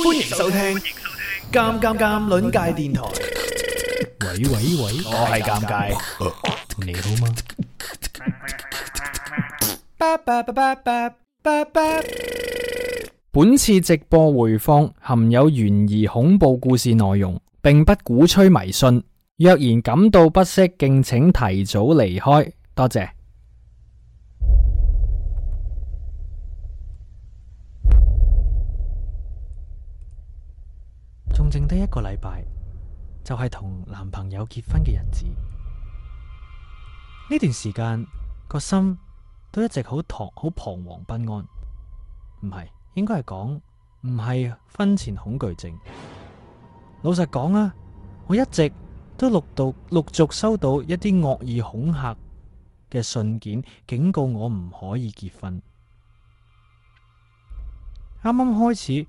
歡迎收聽《尷尷尷》輪界電台。喂喂喂，我係尷尬， 你好嗎？ 本次直播回放含有懸疑恐怖故事內容，並不鼓吹迷信。若然感到不適，敬請提早離開。多謝。仲剩得一個禮拜，就係、是、同男朋友結婚嘅日子。呢段時間個心都一直好彷好彷徨不安，唔係，應該係講，唔係婚前恐懼症。老實講啊，我一直都陸到，陸續收到一啲惡意恐嚇嘅信件，警告我唔可以結婚。啱啱開始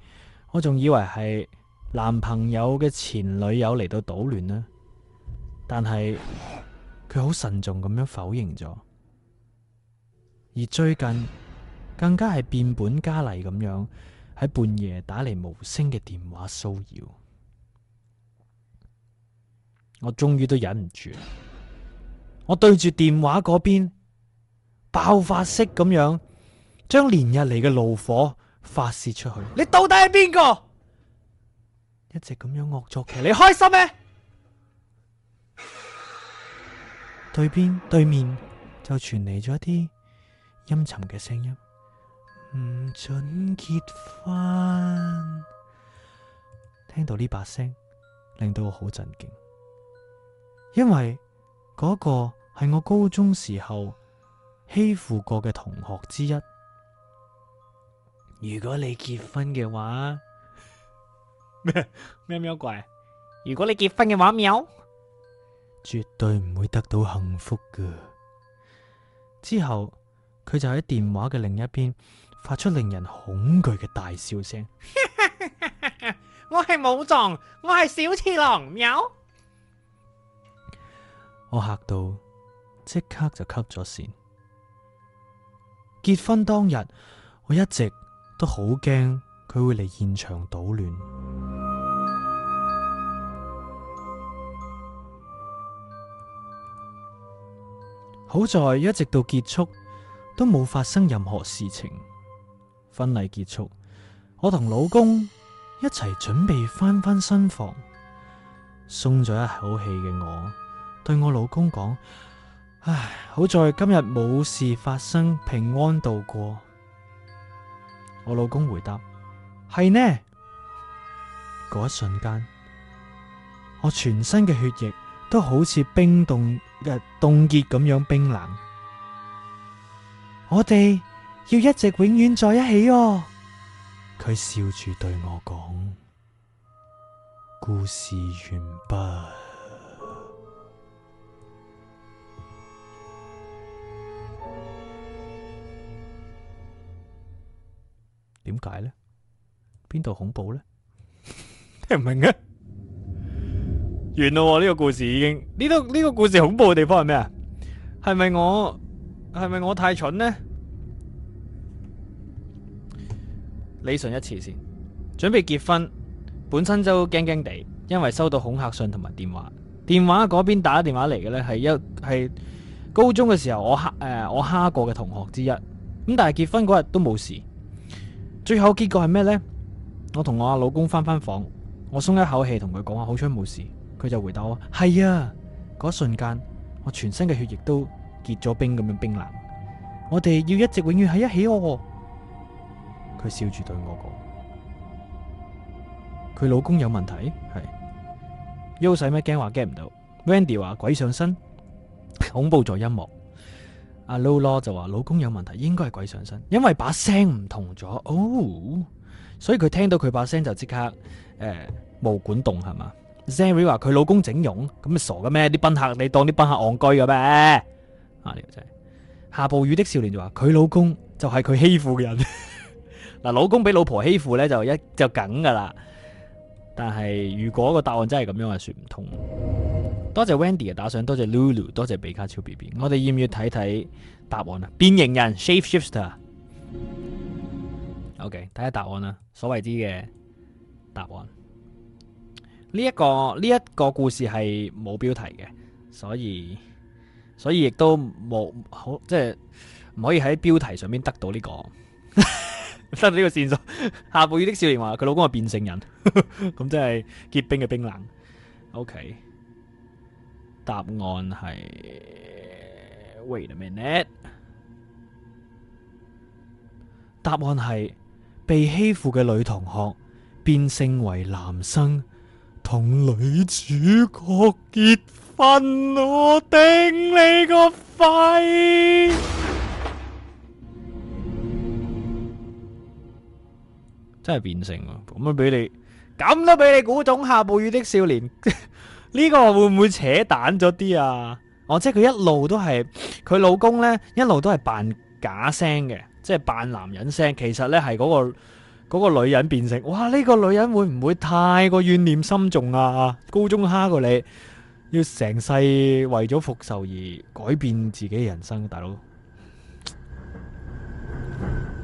我仲以為係。男朋友嘅前女友嚟到搗亂啦，但係佢好慎重咁樣否認咗，而最近更加係變本加厲咁樣喺半夜打嚟無聲嘅電話騷擾，我終於都忍唔住，我對住電話嗰邊爆發式咁樣將連日嚟嘅怒火發泄出去。你到底係邊個？一直咁樣惡作劇，你開心咩？啊？對邊對面就傳嚟咗一啲陰沉嘅聲音，唔准結婚。聽到呢把聲，令到我好震驚，因爲嗰個係我高中時候欺負過嘅同學之一。如果你結婚嘅話，咩咩咩鬼？如果你結婚嘅話，喵，絕對唔會得到幸福嘅。之後佢就喺電話嘅另一邊發出令人恐懼嘅大笑聲。 我係武藏，我係小次郎，喵。我吓到，即刻就 cut 咗線。結婚當日，我一直都好驚佢會嚟現場搗亂。好在一直到結束都冇發生任何事情。婚禮結束，我同老公一齊準備翻返新房，鬆咗一口氣嘅我對我老公講：唉，好在今日冇事發生，平安度過。我老公回答：係呢。嗰一瞬間，我全身嘅血液都好似冰凍。嘅凍結咁樣冰冷，我哋要一直永遠在一起哦。佢笑住對我講：故事完畢。點解呢？邊度恐怖呢？你明唔明呀？完咯，呢個故事已經呢度，呢個故事恐怖嘅地方係咩啊？係咪我係咪我太蠢呢？理順一次先，準備結婚，本身就驚驚地，因為收到恐吓信同埋電話。電話嗰邊打電話嚟嘅呢，係一係高中嘅時候我蝦誒、呃、我蝦過嘅同學之一。咁但係結婚嗰日都冇事，最後結果係咩呢？我同我阿老公翻返房，我鬆一口氣跟他說，同佢講話好彩冇事。佢就回答我：係啊。嗰一瞬間，我全身嘅血液都結咗冰咁樣冰冷。我哋要一直永遠喺一起哦。佢笑住對我講：佢老公有問題係。優使咩驚話驚唔到？Randy 話鬼上身，恐怖在音樂。阿 Low Law 就話老公有問題，應該係鬼上身，因為把聲唔同咗哦。所以佢聽到佢把聲就即刻誒毛管動係嘛。Zerry 話佢老公整容，咁咪傻嘅咩？啲賓客你當啲賓客戇居嘅咩？啊，真係下暴雨的少年就話佢老公就係佢欺負嘅人。嗱， 老公俾老婆欺負咧就一就梗噶啦。但係如果個答案真係咁樣，係說唔通的。多謝 Wendy 嘅打賞，多謝 Lulu，多謝比卡超 B B。我哋要唔要睇睇答案啊？變形人 Shape Shifter。OK，睇下答案啦，所謂啲嘅答案。呢、這、一個呢一、這個故事係冇標題嘅，所以所以亦都冇好，即係唔可以喺標題上面得到呢、這個 得到呢個線索。夏貝爾的少年話佢老公係變性人，咁真係結冰嘅冰冷。OK，答案係 Wait a minute，答案係被欺負嘅女同學變性為男生。同女主角結婚，我頂你個肺！真係變性啊，咁都俾你，咁都俾你估中。下暴雨的少年，呢 個會唔會扯蛋咗啲啊？哦，即係佢一路都係佢老公呢，一路都係扮假聲嘅，即係扮男人聲，其實呢係嗰、那個。嗰個女人變成哇，呢個女人會唔會太過怨念心重啊？高中蝦過你，要成世為咗復仇而改變自己人生，大佬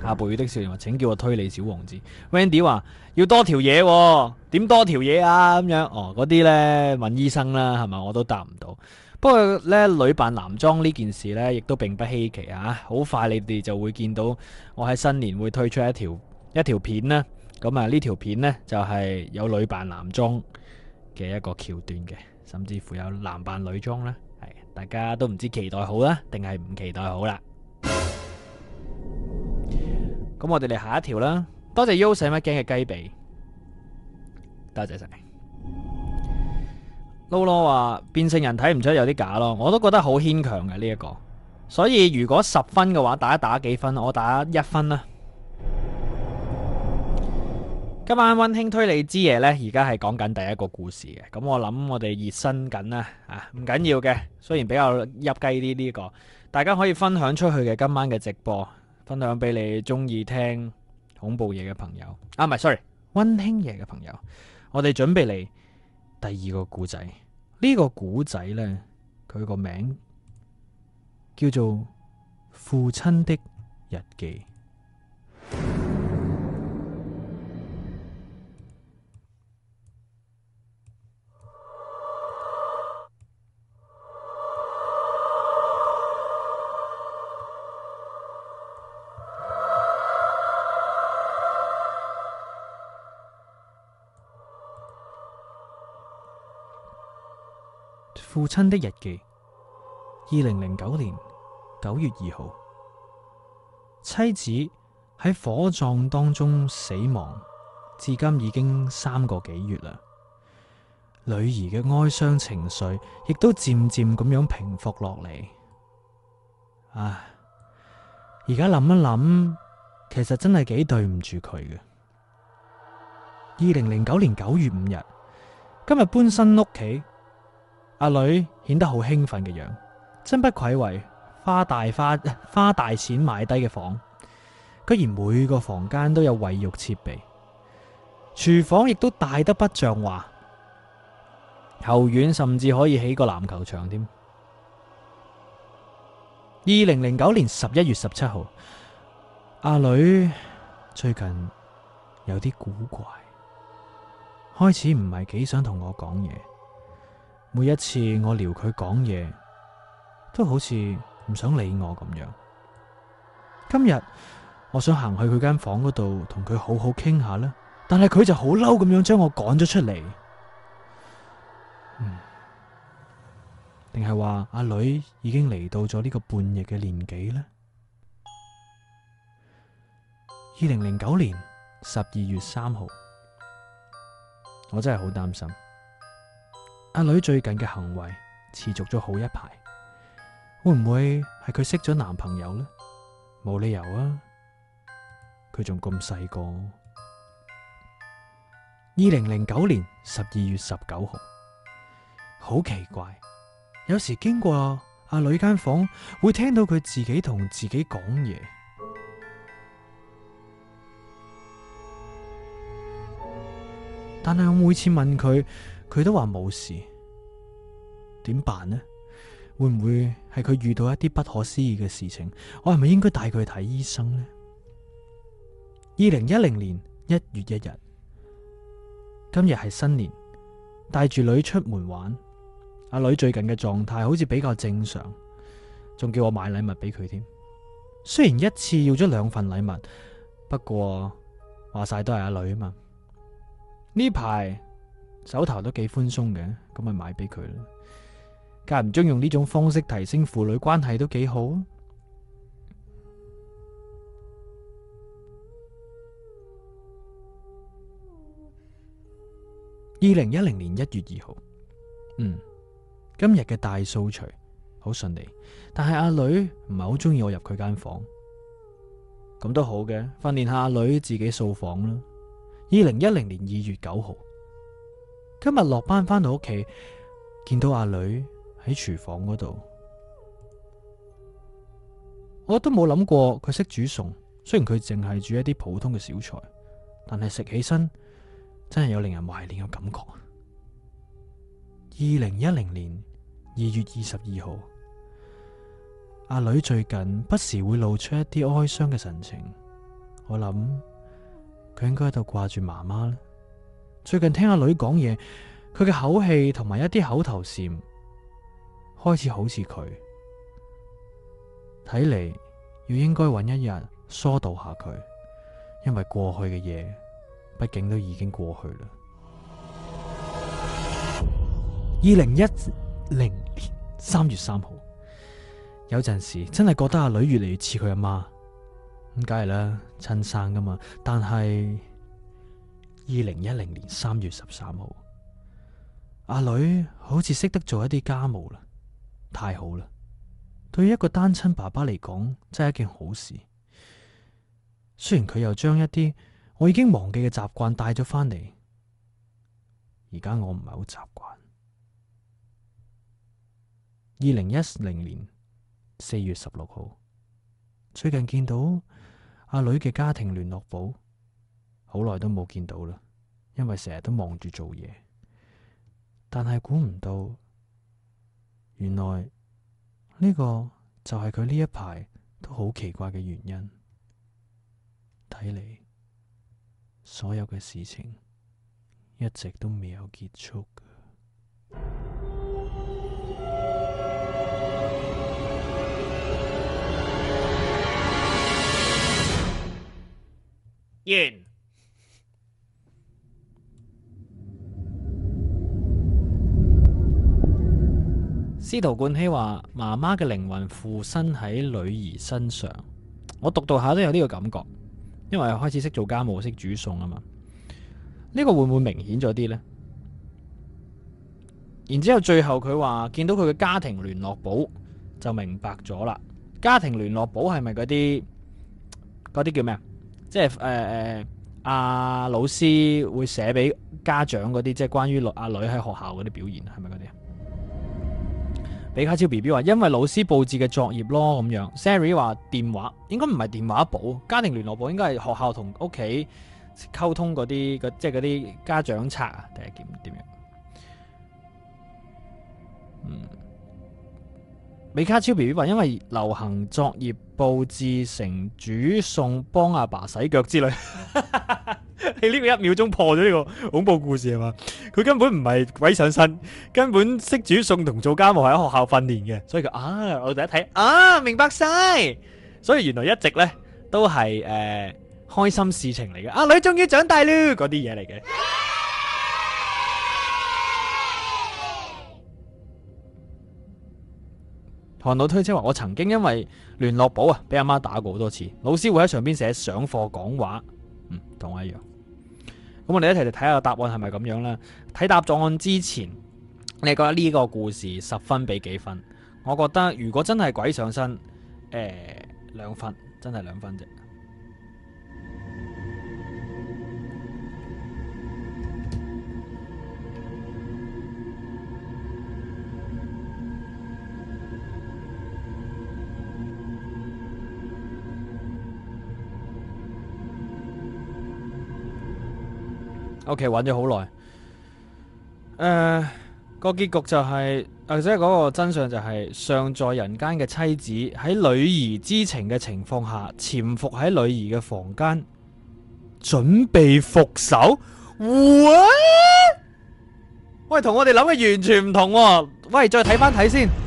阿貝的笑話。請叫我推理小王子。Wendy 話要多條嘢喎，點多條嘢啊？咁樣哦，嗰啲呢？問醫生啦，係咪？我都答唔到。不過呢，女扮男裝呢件事呢，亦都並不稀奇啊！好快你哋就會見到我喺新年會推出一條。一條片啦，咁啊呢條片咧，就係有女扮男裝嘅一個橋段嘅，甚至乎有男扮女裝啦，係大家都唔知期待好啦，定係唔期待好啦。咁我哋嚟下一條啦，多謝 U 使乜驚嘅雞髀，多謝晒。勞勞話變性人睇唔出有啲假咯，我都覺得好牽強嘅呢一個。所以如果十分嘅話，打一打幾分，我打一分啦。今晚溫馨推理之夜呢，而家係講緊第一個故事嘅。咁我諗我哋熱身緊啦，啊，唔緊要嘅。雖然比較入計啲呢個，大家可以分享出去嘅今晚嘅直播，分享俾你中意聽恐怖嘢嘅朋友。啊，唔係，sorry，溫馨夜嘅朋友，我哋準備嚟第二個故仔。呢個故仔呢，佢個名叫做《父親的日記》。父親的日記：二零零九年九月二號，妻子喺火葬當中死亡，至今已經三個幾月啦。女兒嘅哀傷情緒亦都漸漸咁樣平復落嚟。唉，而家諗一諗，其實真係幾對唔住佢嘅。二零零九年九月五日，今日搬新屋企。阿女顯得好興奮嘅樣，真不愧為花大花花大錢買低嘅房，居然每個房間都有衛浴設備，廚房亦都大得不像話，後院甚至可以起個籃球場添。二零零九年十一月十七號，阿女最近有啲古怪，開始唔係幾想同我講嘢。每一次我撩佢講嘢，都好似唔想理我咁樣。今日我想行去佢間房嗰度，同佢好好傾下啦。但係佢就好嬲咁樣將我趕咗出嚟。嗯，定係話阿女已經嚟到咗呢個半日嘅年紀呢？二零零九年十二月三號，我真係好擔心。阿女最近嘅行為持續咗好一排，會唔會係佢識咗男朋友呢？冇理由啊，佢仲咁細個。二零零九年十二月十九號，好奇怪，有時經過阿阿女間房會聽到佢自己同自己講嘢。但係我每次問佢，佢都話冇事，點辦呢？會唔會係佢遇到一啲不可思議嘅事情？我係咪應該帶佢去睇醫生呢？二零一零年一月一日，今日係新年，帶住女出門玩。阿女最近嘅狀態好似比較正常，仲叫我買禮物俾佢添。雖然一次要咗兩份禮物，不過話晒都係阿女啊嘛。呢排手頭都幾寬鬆嘅，咁咪買俾佢啦。間唔中用呢種方式提升父女關係都幾好啊。二零一零年一月二號，嗯，今日嘅大掃除好順利，但係阿女唔係好中意我入佢間房，咁都好嘅，訓練下阿女自己掃房啦。二零一零年二月九號，今日落班返到屋企，見到阿女喺廚房嗰度，我都冇諗過佢識煮餸。雖然佢淨係煮一啲普通嘅小菜，但係食起身真係有令人懷念嘅感覺。二零一零年二月二十二號，阿女最近不時會露出一啲哀傷嘅神情，我諗。佢應該喺度掛住媽媽呢。最近聽阿女講嘢，佢嘅口氣同埋一啲口頭禪開始好似佢，睇嚟要應該搵一日疏導下佢，因為過去嘅嘢畢竟都已經過去啦。二零一零年三月三號，有陣時真係覺得阿女越嚟越似佢阿媽。咁梗係啦，親生㗎嘛。但係，二零一零年三月十三號，阿女好似識得做一啲家務啦，太好啦！對於一個單親爸爸嚟講，真係一件好事。雖然佢又將一啲我已經忘記嘅習慣帶咗翻嚟，而家我唔係好習慣。二零一零年四月十六號，最近見到。阿女嘅家庭聯絡簿好耐都冇見到啦，因為成日都忙住做嘢。但係估唔到，原來呢個就係佢呢一排都好奇怪嘅原因。睇嚟，所有嘅事情一直都未有結束。完。司徒冠希話：媽媽嘅靈魂附身喺女兒身上，我讀讀下都有呢個感覺，因為開始識做家務、識煮餸啊嘛。呢、這個會唔會明顯咗啲呢？然之後最後佢話見到佢嘅家庭聯絡簿，就明白咗啦。家庭聯絡簿係咪嗰啲嗰啲叫咩啊？即係誒誒，阿、呃啊、老師會寫俾家長嗰啲，即係關於阿女喺學校嗰啲表現，係咪嗰啲啊？比卡超 B B 話，因為老師佈置嘅作業咯，咁樣。Siri 話電話應該唔係電話簿，家庭聯絡簿應該係學校同屋企溝通嗰啲，即係嗰啲家長冊啊，定係點點樣？嗯。美卡超 B B 話，因為流行作業布置成煮餸、幫阿爸，爸洗腳之類。 你呢個一秒鐘破咗呢個恐怖故事係嘛？佢根本唔係鬼上身，根本識煮餸同做家務係喺學校訓練嘅，所以佢啊，我第一睇啊，明白晒。所以原來一直咧都係誒、呃、開心事情嚟嘅，阿、啊、女終於長大啦，嗰啲嘢嚟嘅。看到推車話：我曾經因為聯絡簿啊，俾阿媽打過好多次。老師會喺上邊寫上課講話，嗯，同我一樣。咁我哋一齊嚟睇下答案係咪咁樣啦。睇答案之前，你覺得呢個故事十分俾幾分？我覺得如果真係鬼上身，誒、欸，兩分，真係兩分啫。屋企玩咗好耐，誒，個結局就係，或者嗰個真相就係，尚在人間嘅妻子喺女兒知情嘅情況下，潛伏喺女兒嘅房間，準備復仇。What? 喂，喂，同我哋諗嘅完全唔同喎。喂，再睇翻睇先。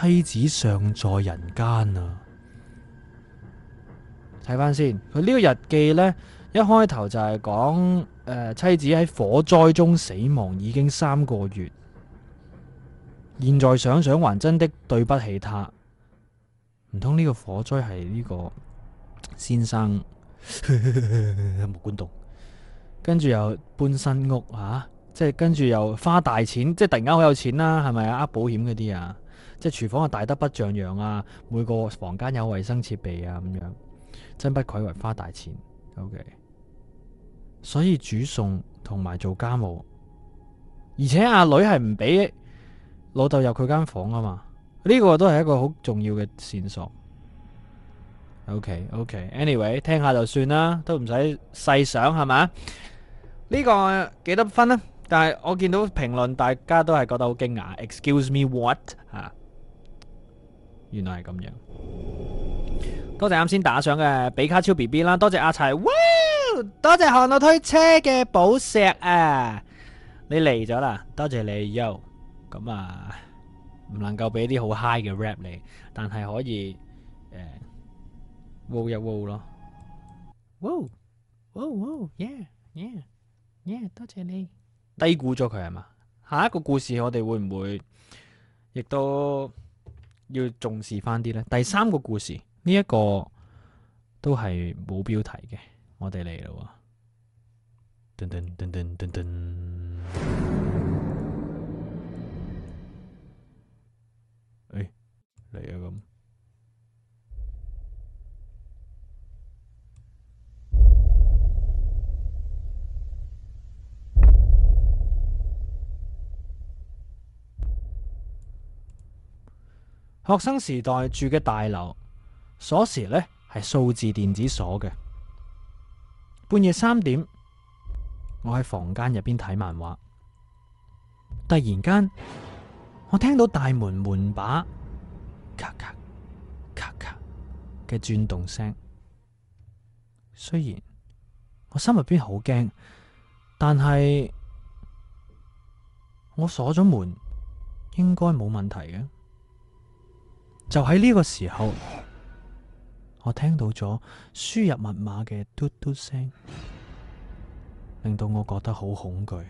妻子尚在人間啊！睇翻先，佢呢個日記呢，一開頭就係講誒，妻子喺火災中死亡，已經三個月。現在想想，還真的對不起他。唔通呢個火災係呢個先生冇觀 動，跟住又搬新屋啊，即係跟住又花大錢，即係突然間好有錢啦，係咪啊？呃，保險嗰啲啊？即係廚房啊，大得不像樣啊！每個房間有衛生設備啊，咁樣真不愧為花大錢。OK，所以煮餸同埋做家務，而且阿女係唔俾老豆入佢間房啊嘛。呢個都係一個好重要嘅線索。OK，OK，Anyway，聽下就算啦，都唔使細想係嘛。呢個幾多分呢？但係我見到評論，大家都係覺得好驚訝。Excuse me，what？原來係咁樣，多謝啱先打賞嘅比卡超 BB 啦，多謝阿齊，多謝行到推車嘅寶石啊，你嚟咗啦，多謝你，yo，咁啊，唔能夠俾啲好 high 嘅 rap 你，但係可以誒，woo 一 woo 咯，woo woo woo yeah yeah yeah，多謝你，低估咗佢係嘛，下一個故事我哋會唔會亦都？要重視翻啲咧。第三個故事呢一個都係冇標題嘅，我哋嚟啦喎！噔噔噔噔噔噔，哎，嚟呀咁。學生時代住嘅大樓，鎖匙呢係數字電子鎖嘅。半夜三點，我喺房間入邊睇漫畫，突然間我聽到大門門把咔咔咔咔嘅轉動聲。雖然我心入邊好驚，但係我鎖咗門，應該冇問題嘅。就喺呢個時候，我聽到咗輸入密碼嘅嘟嘟聲，令到我覺得好恐懼。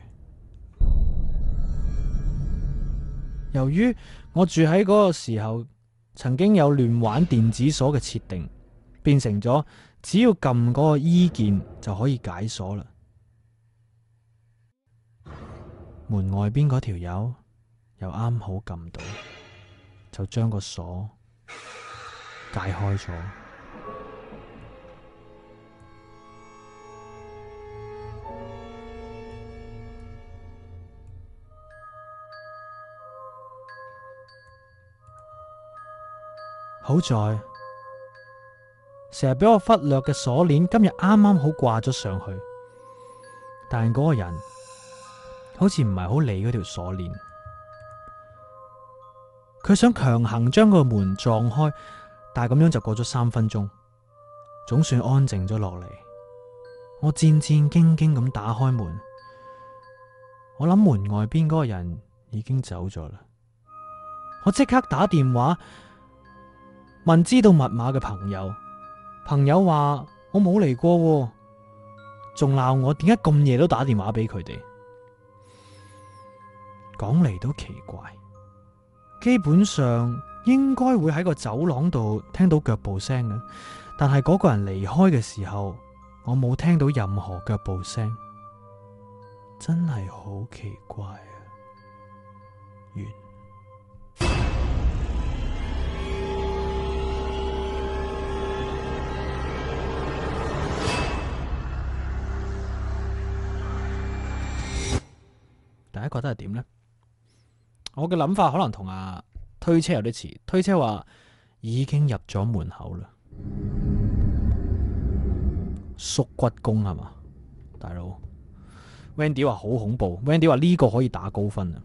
由於我住喺嗰個時候，曾經有亂玩電子鎖嘅設定，變成咗只要撳嗰個 I 鍵就可以解鎖啦。門外邊嗰條友又啱好撳到。就將個鎖解開咗。好在，成日俾我忽略嘅鎖鏈，今日啱啱好掛咗上去，但嗰個人好似唔係好理嗰條鎖鏈。佢想強行將個門撞開，但係咁樣就過咗三分鐘，總算安靜咗落嚟。我戰戰兢兢咁打開門，我諗門外邊嗰個人已經走咗啦。我即刻打電話問知道密碼嘅朋友，朋友話我冇嚟過，仲鬧我點解咁夜都打電話俾佢哋。講嚟都奇怪。基本上應該會喺個走廊度聽到腳步聲嘅，但係嗰個人離開嘅時候，我冇聽到任何腳步聲，真係好奇怪啊！完，大家覺得係點呢？我嘅諗法可能同阿推車有啲似。推車話已經入咗門口啦，縮骨功係嘛，大佬？Wendy 話好恐怖，Wendy 話呢個可以打高分啊。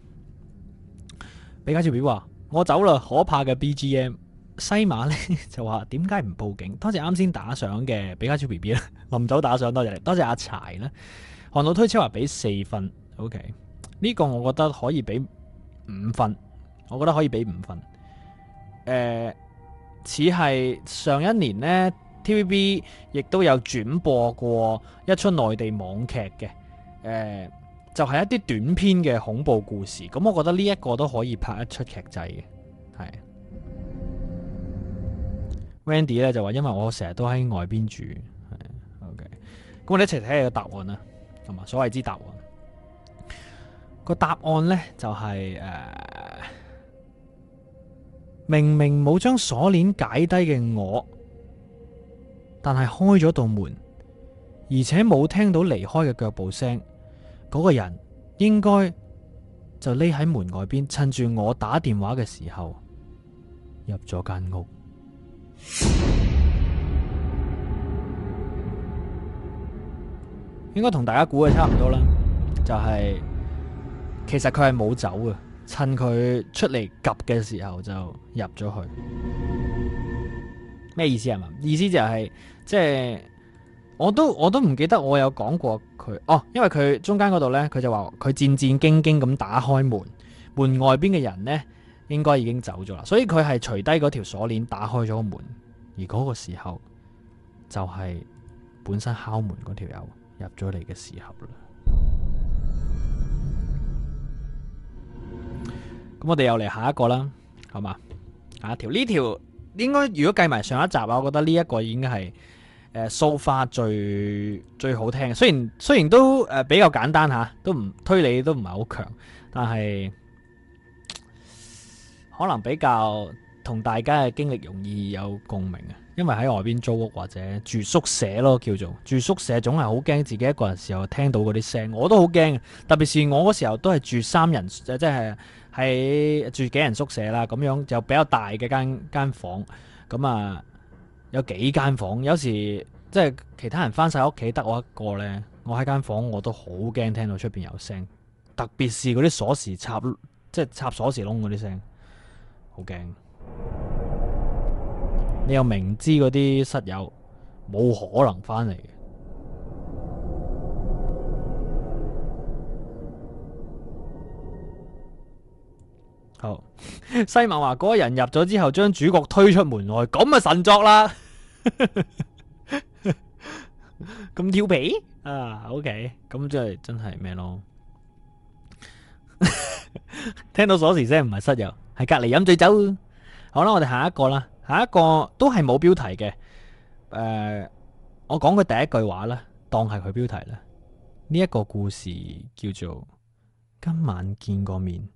比卡超 B B 話我走啦，可怕嘅 B G M。西馬呢 就話點解唔報警？多謝啱先打賞嘅比卡超 B B 啦，臨 走打賞多謝你，多謝阿柴呢，韓老推車話俾四分，OK 呢、呢個我覺得可以俾。五分，我覺得可以俾五分。誒、呃，似係上一年呢 TVB 亦都有轉播過一出內地網劇嘅。誒、呃，就係、是、一啲短篇嘅恐怖故事。咁我覺得呢一個都可以拍一出劇仔嘅，係。Wendy 咧就話，因為我成日都喺外邊住，係 OK。咁我哋一齊睇下個答案啦，同埋所謂之答案。個答案呢，就係、是、誒、啊，明明冇將鎖鏈解低嘅我，但係開咗道門，而且冇聽到離開嘅腳步聲，嗰、那個人應該就匿喺門外邊，趁住我打電話嘅時候入咗間屋，應該同大家估嘅差唔多啦，就係、是。其實佢係冇走嘅，趁佢出嚟急嘅時候就入咗去了。咩意思啊？嘛，意思就係、是、即係我都我都唔記得我有講過佢哦，因為佢中間嗰度呢，佢就話佢戰戰兢兢咁打開門，門外邊嘅人呢，應該已經走咗啦，所以佢係除低嗰條鎖鏈打開咗個門，而嗰個時候就係本身敲門嗰條友入咗嚟嘅時候咁我哋又嚟下一個啦，好嘛？下一條呢條應該如果計埋上一集啊，我覺得呢一個已經係誒抒發最最好聽。雖然雖然都誒、呃、比較簡單吓，都唔推理都唔係好強，但係可能比較同大家嘅經歷容易有共鳴啊。因為喺外邊租屋或者住宿舍咯，叫做住宿舍，總係好驚自己一個人的時候聽到嗰啲聲音。我都好驚，特別是我嗰時候都係住三人，即係。喺住幾人宿舍啦，咁樣就比較大嘅間間房咁啊，有幾間房。有時即係其他人翻晒屋企，得我一個呢，我喺間房我都好驚聽到出邊有聲，特別是嗰啲鎖匙插即係插鎖匙窿嗰啲聲，好驚。你又明知嗰啲室友冇可能翻嚟嘅。西文話嗰人入咗之後，將主角推出門外，咁啊神作啦！咁 調皮啊、uh,，OK，咁即係真係咩咯？聽到鎖匙聲唔係室友喺隔籬飲醉酒。好啦，我哋下一個啦，下一個都係冇標題嘅。誒、uh,，我講佢第一句話啦，當係佢標題啦。呢、這、一個故事叫做今晚見個面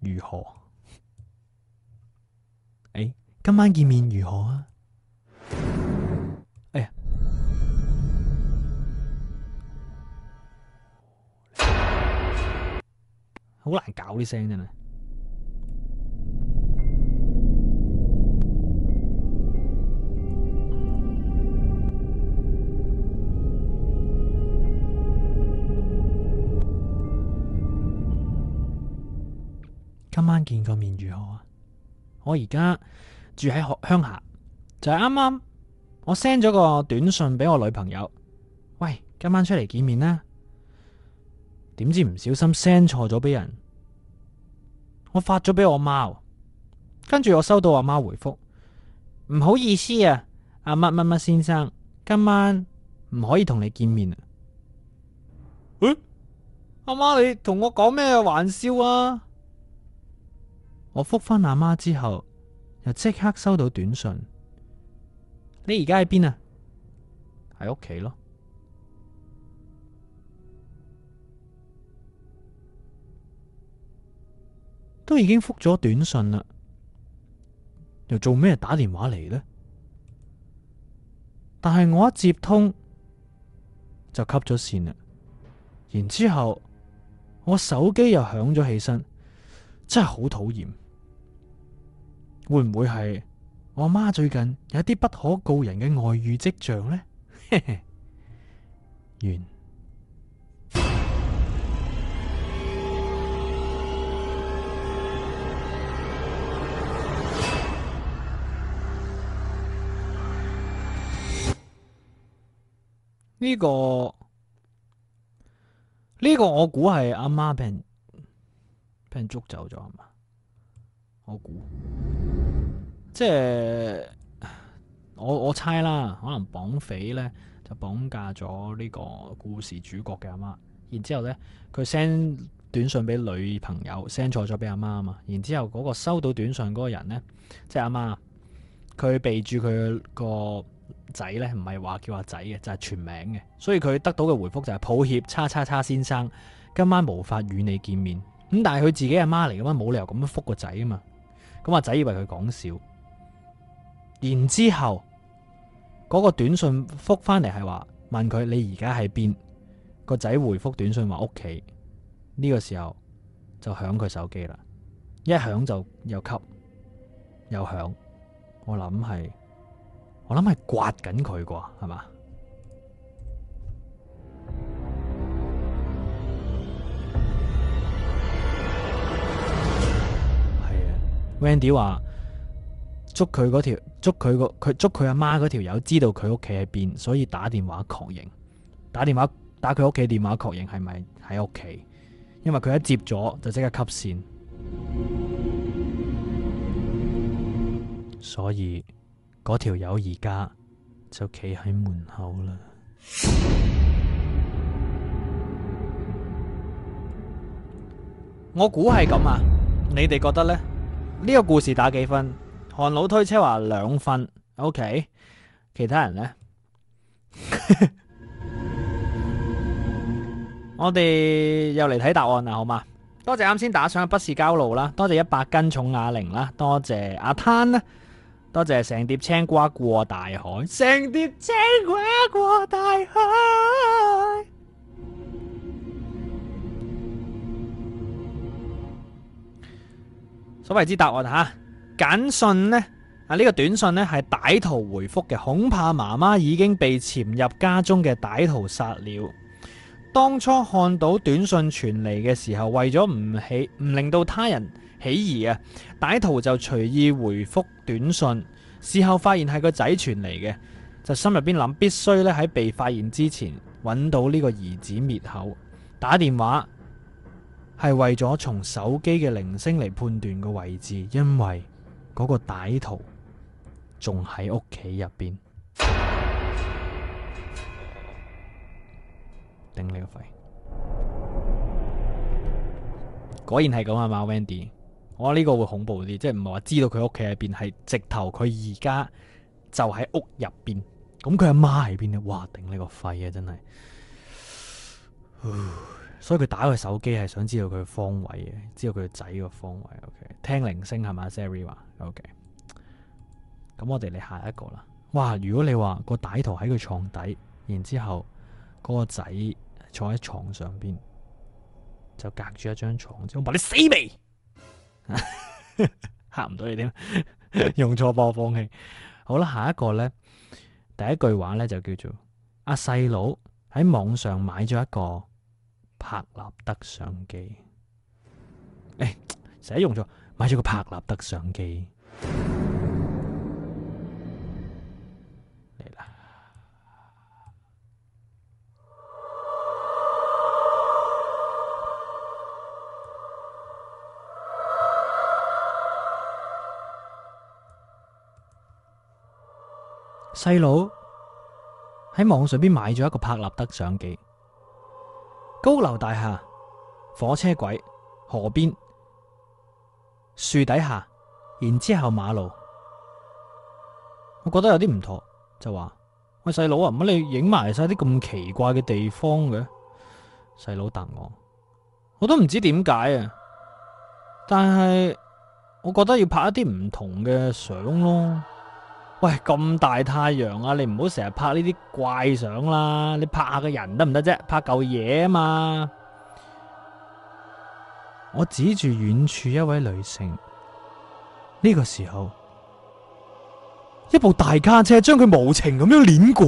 如何？今晚見面如何啊？哎呀，好難搞啲聲真係。今晚見個面如何啊？我而家。住喺學鄉下，就係啱啱我 send 咗個短信俾我女朋友，喂，今晚出嚟見面啦。點知唔小心 send 錯咗俾人，我發咗俾我媽，跟住我收到阿媽，媽回覆，唔好意思啊，阿乜乜乜先生，今晚唔可以同你見面啊。嗯，哎，阿媽你同我講咩玩笑啊？我覆返阿媽之後。即刻收到短信，你而家喺邊啊？喺屋企咯，都已經復咗短信啦，又做咩打電話嚟呢？但係我一接通就吸咗線啦，然之後我手機又響咗起身，真係好討厭。會唔會係我阿媽最近有啲不可告人嘅外遇跡象呢？ 完呢、呢個呢、呢個我估係阿媽俾人俾人捉走咗啊嘛！即係我我猜啦，可能綁匪呢就綁架咗呢個故事主角嘅阿媽，然之後呢佢 send 短信俾女朋友 send 錯咗俾阿媽啊嘛。然之後嗰個收到短信嗰個人呢，即係阿媽，佢備注佢個仔呢，唔係話叫阿仔嘅，就係全名嘅，所以佢得到嘅回覆就係抱歉，叉叉叉先生今晚無法與你見面咁。但係佢自己阿媽嚟嘅嘛，冇理由咁樣覆個仔啊嘛。咁仔以為佢講笑，然之後嗰個短信覆翻嚟係話問佢你而家喺邊，個仔回覆短信話屋企，呢個時候就響佢手機啦，一響就又吸又響，我諗係我諗係刮緊佢啩，係嘛？Wendy 話捉佢嗰條，捉佢個佢捉佢阿媽條友知道佢屋企喺邊，所以打電話確認，打電話打佢屋企電話確認係咪喺屋企，因為佢一接咗就即刻 cut 線，所以嗰條友而家就企喺門口啦。我估係咁啊，你哋覺得呢？呢、這個故事打幾分？韓老推車話兩分，OK。其他人呢？ 我哋又嚟睇答案啦，好嘛？多謝啱先打上嘅不是膠路啦，多謝一百斤重啞鈴啦，多謝阿灘啦，多謝成碟青瓜過大海，成碟青瓜過大海。所謂之答案吓，簡訊呢，啊、這、呢個短信呢係歹徒回復嘅，恐怕媽媽已經被潛入家中嘅歹徒殺了。當初看到短信傳嚟嘅時候，為咗唔起唔令到他人起疑啊，歹徒就隨意回復短信。事後發現係個仔傳嚟嘅，就心入邊諗必須咧喺被發現之前揾到呢個兒子滅口，打電話。係為咗從手機嘅鈴聲嚟判斷個位置，因為嗰個歹徒仲喺屋企入邊。頂你個肺！果然係咁啊，嘛 Wendy，我諗呢個會恐怖啲，即係唔係話知道佢屋企入邊係直頭，佢而家就喺屋入邊。咁佢阿媽喺邊咧？哇！頂你個肺啊！真係。所以佢打佢手機係想知道佢嘅方位嘅，知道佢個仔個方位。OK，聽鈴聲係咪 Siri 話 O K。咁我哋嚟下一個啦。哇，如果你話個歹徒喺佢床底，然之後嗰個仔坐喺床上邊，就隔住一張床，我話你死未吓唔到你點用錯播放器。好啦，下一個咧，第一句話咧就叫做阿細佬喺網上買咗一個。拍立得相機，唉、哎，成用咗，買咗個拍立得相機嚟啦，細佬喺網上邊買咗一個拍立得相機。高樓大廈、火車軌、河邊、樹底下，然之後馬路，我覺得有啲唔妥，就話：喂，細佬啊，乜你影埋晒啲咁奇怪嘅地方嘅？細佬答我：我都唔知點解啊，但係我覺得要拍一啲唔同嘅相咯。喂，咁大太陽啊！你唔好成日拍呢啲怪相啦，你拍下個人得唔得啫？拍嚿嘢啊嘛！我指住遠處一位女性，呢個時候，一部大卡車將佢無情咁樣碾過。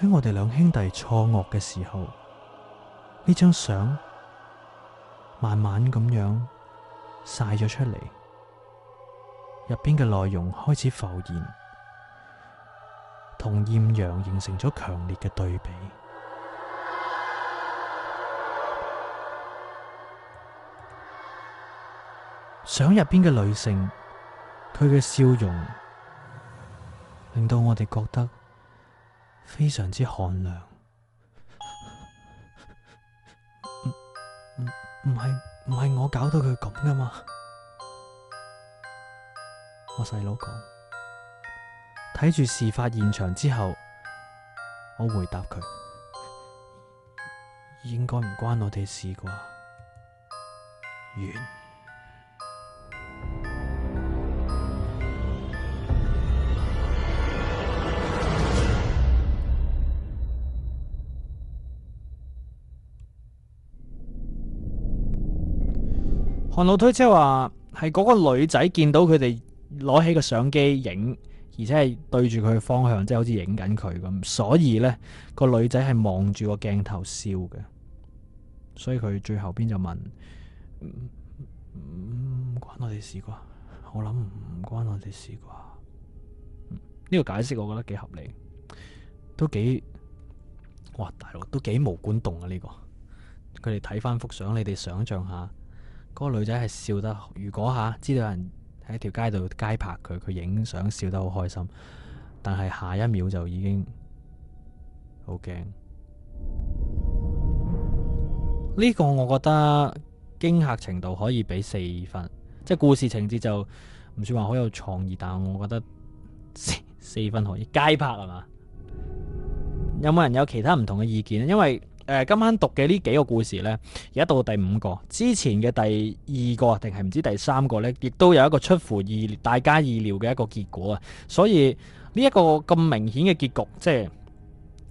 喺 我哋兩兄弟錯愕嘅時候，呢張相慢慢咁樣。晒咗出嚟，入邊嘅內容開始浮現，同艷陽形成咗強烈嘅對比。相入邊嘅女性，佢嘅笑容令到我哋覺得非常之寒涼。唔唔係。嗯唔係我搞到佢咁噶嘛，我細佬講，睇住事發現場之後，我回答佢，應該唔關我哋事啩，完。韓老推車話係嗰個女仔見到佢哋攞起個相機影，而且係對住佢嘅方向，即係好似影緊佢咁。所以呢個女仔係望住個鏡頭笑嘅。所以佢最後邊就問：唔關我哋事啩？我諗唔關我哋事啩？呢個解釋我覺得幾合理，都幾哇！大佬都幾無管動啊呢個。佢哋睇翻幅相，你哋想象下。個女仔係笑得，如果吓、啊、知道有人喺條街度街拍佢，佢影相笑得好開心，但係下一秒就已經好驚。呢、這個我覺得驚嚇程度可以俾四分，即、就、係、是、故事情節就唔算話好有創意，但係我覺得四四分可以街拍係嘛？有冇人有其他唔同嘅意見啊？因為誒，今晚讀嘅呢幾個故事呢，而家到第五個，之前嘅第二個定係唔知第三個呢，亦都有一個出乎意大家意料嘅一個結果啊！所以呢一個咁明顯嘅結局，即係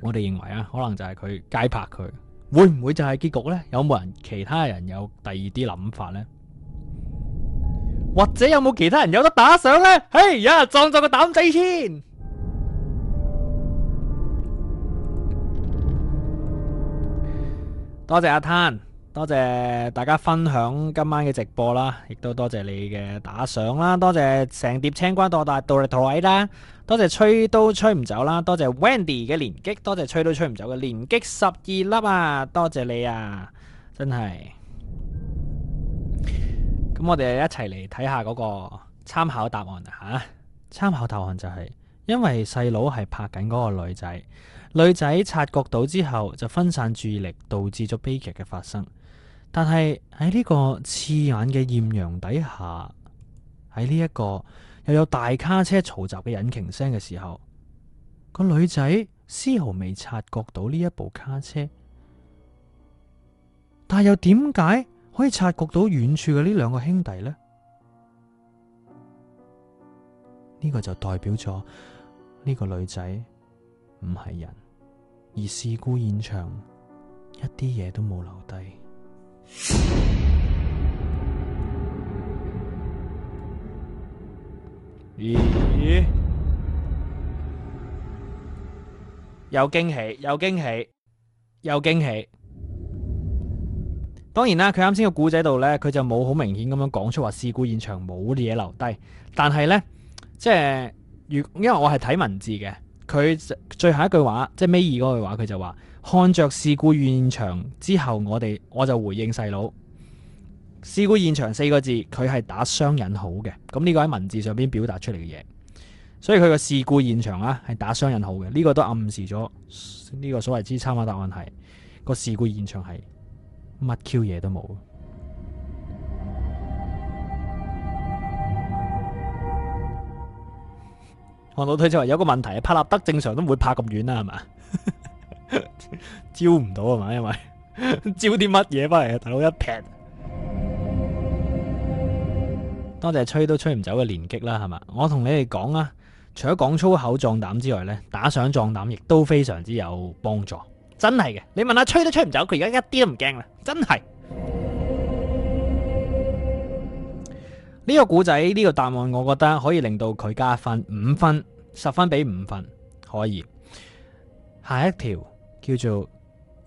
我哋認為啊，可能就係佢街拍佢，會唔會就係結局呢？有冇人其他人有第二啲諗法呢？或者有冇其他人有得打賞呢？嘿呀，撞咗個膽仔先！多謝阿灘，多謝大家分享今晚嘅直播啦，亦都多謝你嘅打賞啦，多謝成碟青瓜多大到嚟台啦，多謝吹都吹唔走啦，多謝 Wendy 嘅連擊，多謝吹都吹唔走嘅連擊十二粒啊，多謝你啊，真係。咁我哋一齊嚟睇下嗰個參考答案啊吓，參考答案就係、是、因為細佬係拍緊嗰個女仔。女仔察覺到之後，就分散注意力，導致咗悲劇嘅發生。但係喺呢個刺眼嘅豔陽底下，喺呢一個又有大卡車嘈雜嘅引擎聲嘅時候，個女仔絲毫未察覺到呢一部卡車。但係又點解可以察覺到遠處嘅呢兩個兄弟呢？呢個就代表咗呢個女仔唔係人。而事故現場一啲嘢都冇留低。咦、嗯？有驚喜，有驚喜，有驚喜。當然啦，佢啱先個故仔度呢，佢就冇好明顯咁樣講出話事故現場冇嘢留低。但係呢，即係如因為我係睇文字嘅。佢最後一句話，即係尾二嗰句話，佢就話：看着事故現場之後我，我哋我就回應細佬。事故現場四個字，佢係打雙引號嘅。咁呢個喺文字上邊表達出嚟嘅嘢，所以佢個事故現場啊，係打雙引號嘅。呢個都暗示咗呢個所謂之參考答案係個事故現場係乜 Q 嘢都冇。看到推出話有個問題，拍立得正常都唔會拍咁遠啦，係嘛？ 招唔到係嘛？因為招啲乜嘢翻嚟啊？大佬一撇，多謝吹都吹唔走嘅連擊啦，係嘛？我同你哋講啊，除咗講粗口壯膽之外咧，打賞壯膽亦都非常之有幫助。真係嘅，你問下吹都吹唔走，佢而家一啲都唔驚啦，真係。呢、這個古仔呢個答案，我覺得可以令到佢加分五分，十分俾五分可以。下一條叫做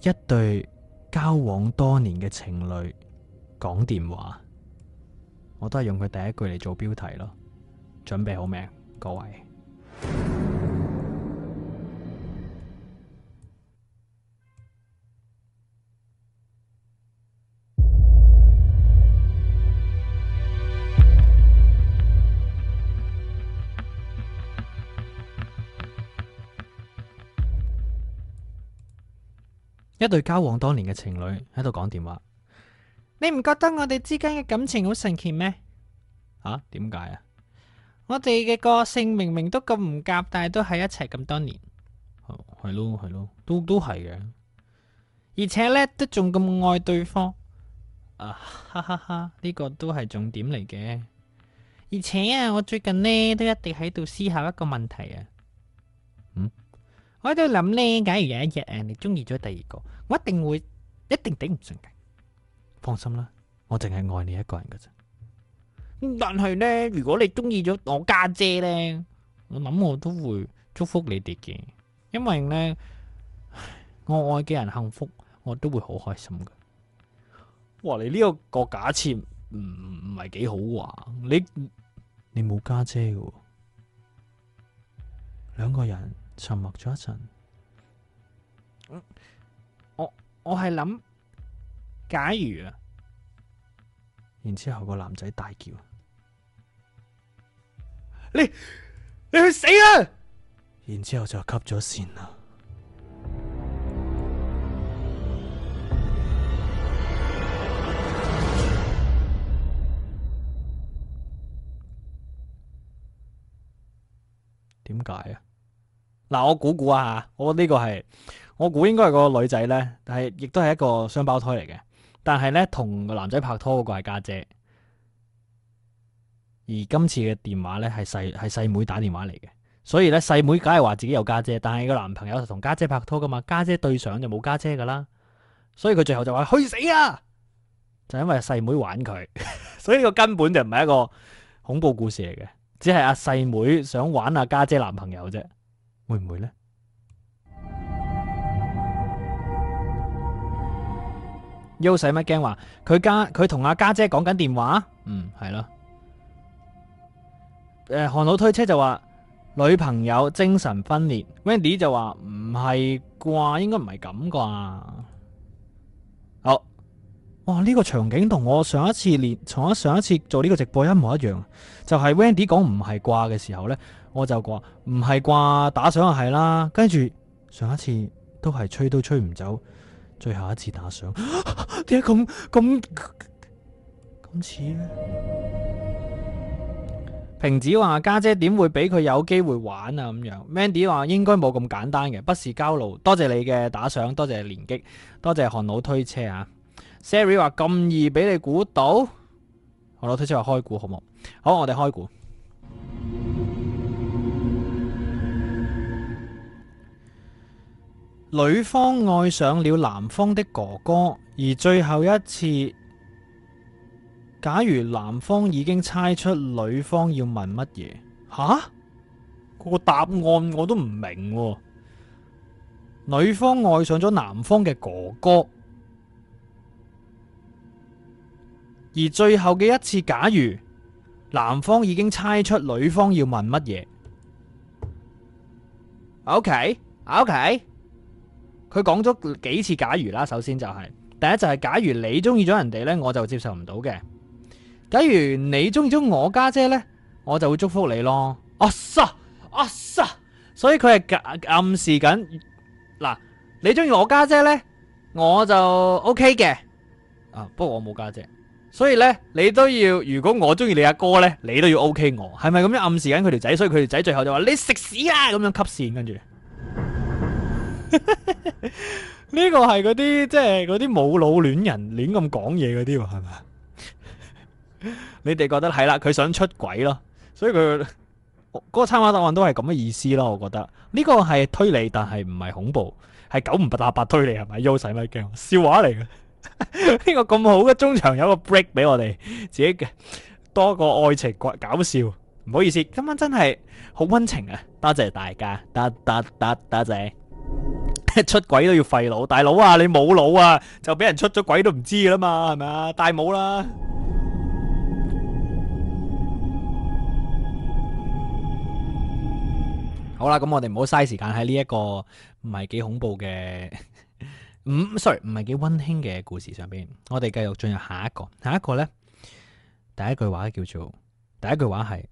一對交往多年嘅情侶講電話，我都係用佢第一句嚟做標題咯。準備好未，各位？一對交往多年嘅情侶喺度講電話，你唔覺得我哋之間嘅感情好神奇咩？吓，點解啊？我哋嘅個性明明都咁唔夾，但係都喺一齊咁多年。係咯係咯，都都係嘅。而且呢，都仲咁愛對方，啊哈哈哈！呢個都係重點嚟嘅。而且啊，我最近呢，都一定喺度思考一個問題啊，嗯？我喺度諗咧，假如有一日誒，你中意咗第二個，我一定會一定頂唔順嘅。放心啦，我淨係愛你一個人噶咋。但係咧，如果你中意咗我家姐咧，我諗我都會祝福你哋嘅，因為咧我愛嘅人幸福，我都會好開心噶。哇！你呢個個假設唔唔係幾好啊？你你冇家姐喎，兩個人。沉默咗一陣，我我係諗，假如啊，然之後個男仔大叫：你你去死啊！然之後就吸咗線啦。點解啊？嗱，我估估啊嚇，我呢個係我估應該係個女仔咧，但係亦都係一個雙胞胎嚟嘅。但係咧，同個男仔拍拖嗰個係家姐，而今次嘅電話咧係細係細妹打電話嚟嘅。所以咧，細妹梗係話自己有家姐，但係個男朋友同家姐拍拖噶嘛，家姐對上就冇家姐噶啦。所以佢最後就話去死啊！就因為細妹玩佢，所以呢個根本就唔係一個恐怖故事嚟嘅，只係阿細妹想玩下家姐男朋友啫。會唔會呢？優使乜驚話？佢家佢同阿家姐講緊電話。嗯，係咯。誒、呃，韓老推車就話女朋友精神分裂。 Wendy 就話唔係啩，應該唔係咁啩。好，哇！呢、這個場景同我上一次連從一上一次做呢個直播一模一樣，就係、是、Wendy 講唔係掛嘅時候呢。我就話唔係啩，打賞又係啦。跟住上一次都係吹都吹唔走，最後一次打賞，點解咁咁咁似呢？平子話家姐點會俾佢有機會玩啊？咁樣 Mandy 話應該冇咁簡單嘅，不是交流。多謝你嘅打賞，多謝你的連擊，多謝韓老推車啊。Siri 話咁易俾你估到，韓老推車話開估好冇？好，我哋開估。女方愛上了男方的哥哥，而最後一次，假如男方已經猜出女方要問乜嘢，吓、啊，個答案我都唔明、啊。女方愛上咗男方嘅哥哥，而最後嘅一次，假如男方已經猜出女方要問乜嘢，OK，OK。Okay, okay. 佢講咗幾次假如啦，首先就係、是、第一就係假如你中意咗人哋呢，我就接受唔到嘅。假如你中意咗我家姐，姐呢，我就會祝福你咯。哇、啊、塞、啊啊，所以佢係暗示緊嗱，你中意我家姐，姐呢，我就 O K 嘅。啊，不過我冇家姐，姐，所以呢，你都要，如果我中意你阿哥呢，你都要 O、OK、K 我，係咪咁樣暗示緊佢條仔？所以佢條仔最後就話你食屎啊咁樣吸線，跟住。呢 個係嗰啲即係嗰啲冇腦戀人亂咁講嘢嗰啲，係咪？是 你哋覺得係啦，佢想出軌咯，所以佢嗰、嗰個參考答案都係咁嘅意思咯。我覺得呢、呢個係推理，但係唔係恐怖，係九唔八八八推理，係咪？又使咪驚？笑話嚟嘅，呢個咁好嘅中場有個 break 俾我哋自己，多個愛情搞笑。唔好意思，今晚真係好溫情啊！多謝大家，得得得，多謝。 出軌都要費腦，大佬啊，你冇腦啊，就俾人出咗軌都唔知啦嘛，係咪啊？戴帽啦。好啦，咁我哋唔好嘥時間喺呢一個唔係幾恐怖嘅，唔 ，sorry，唔係幾溫馨嘅故事上邊，我哋繼續進入下一個。下一個呢？第一句話叫做，第一句話係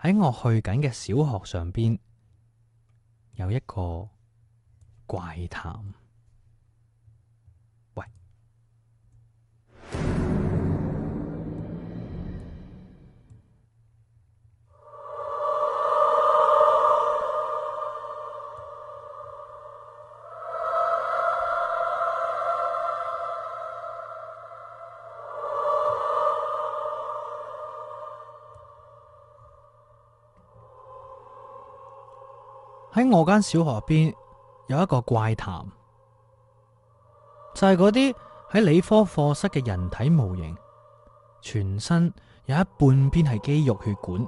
喺我去緊嘅小學上邊有一個。怪談。喂，喺我間小河邊。有一個怪談，就係嗰啲喺理科課室嘅人體模型，全身有一半邊係肌肉血管，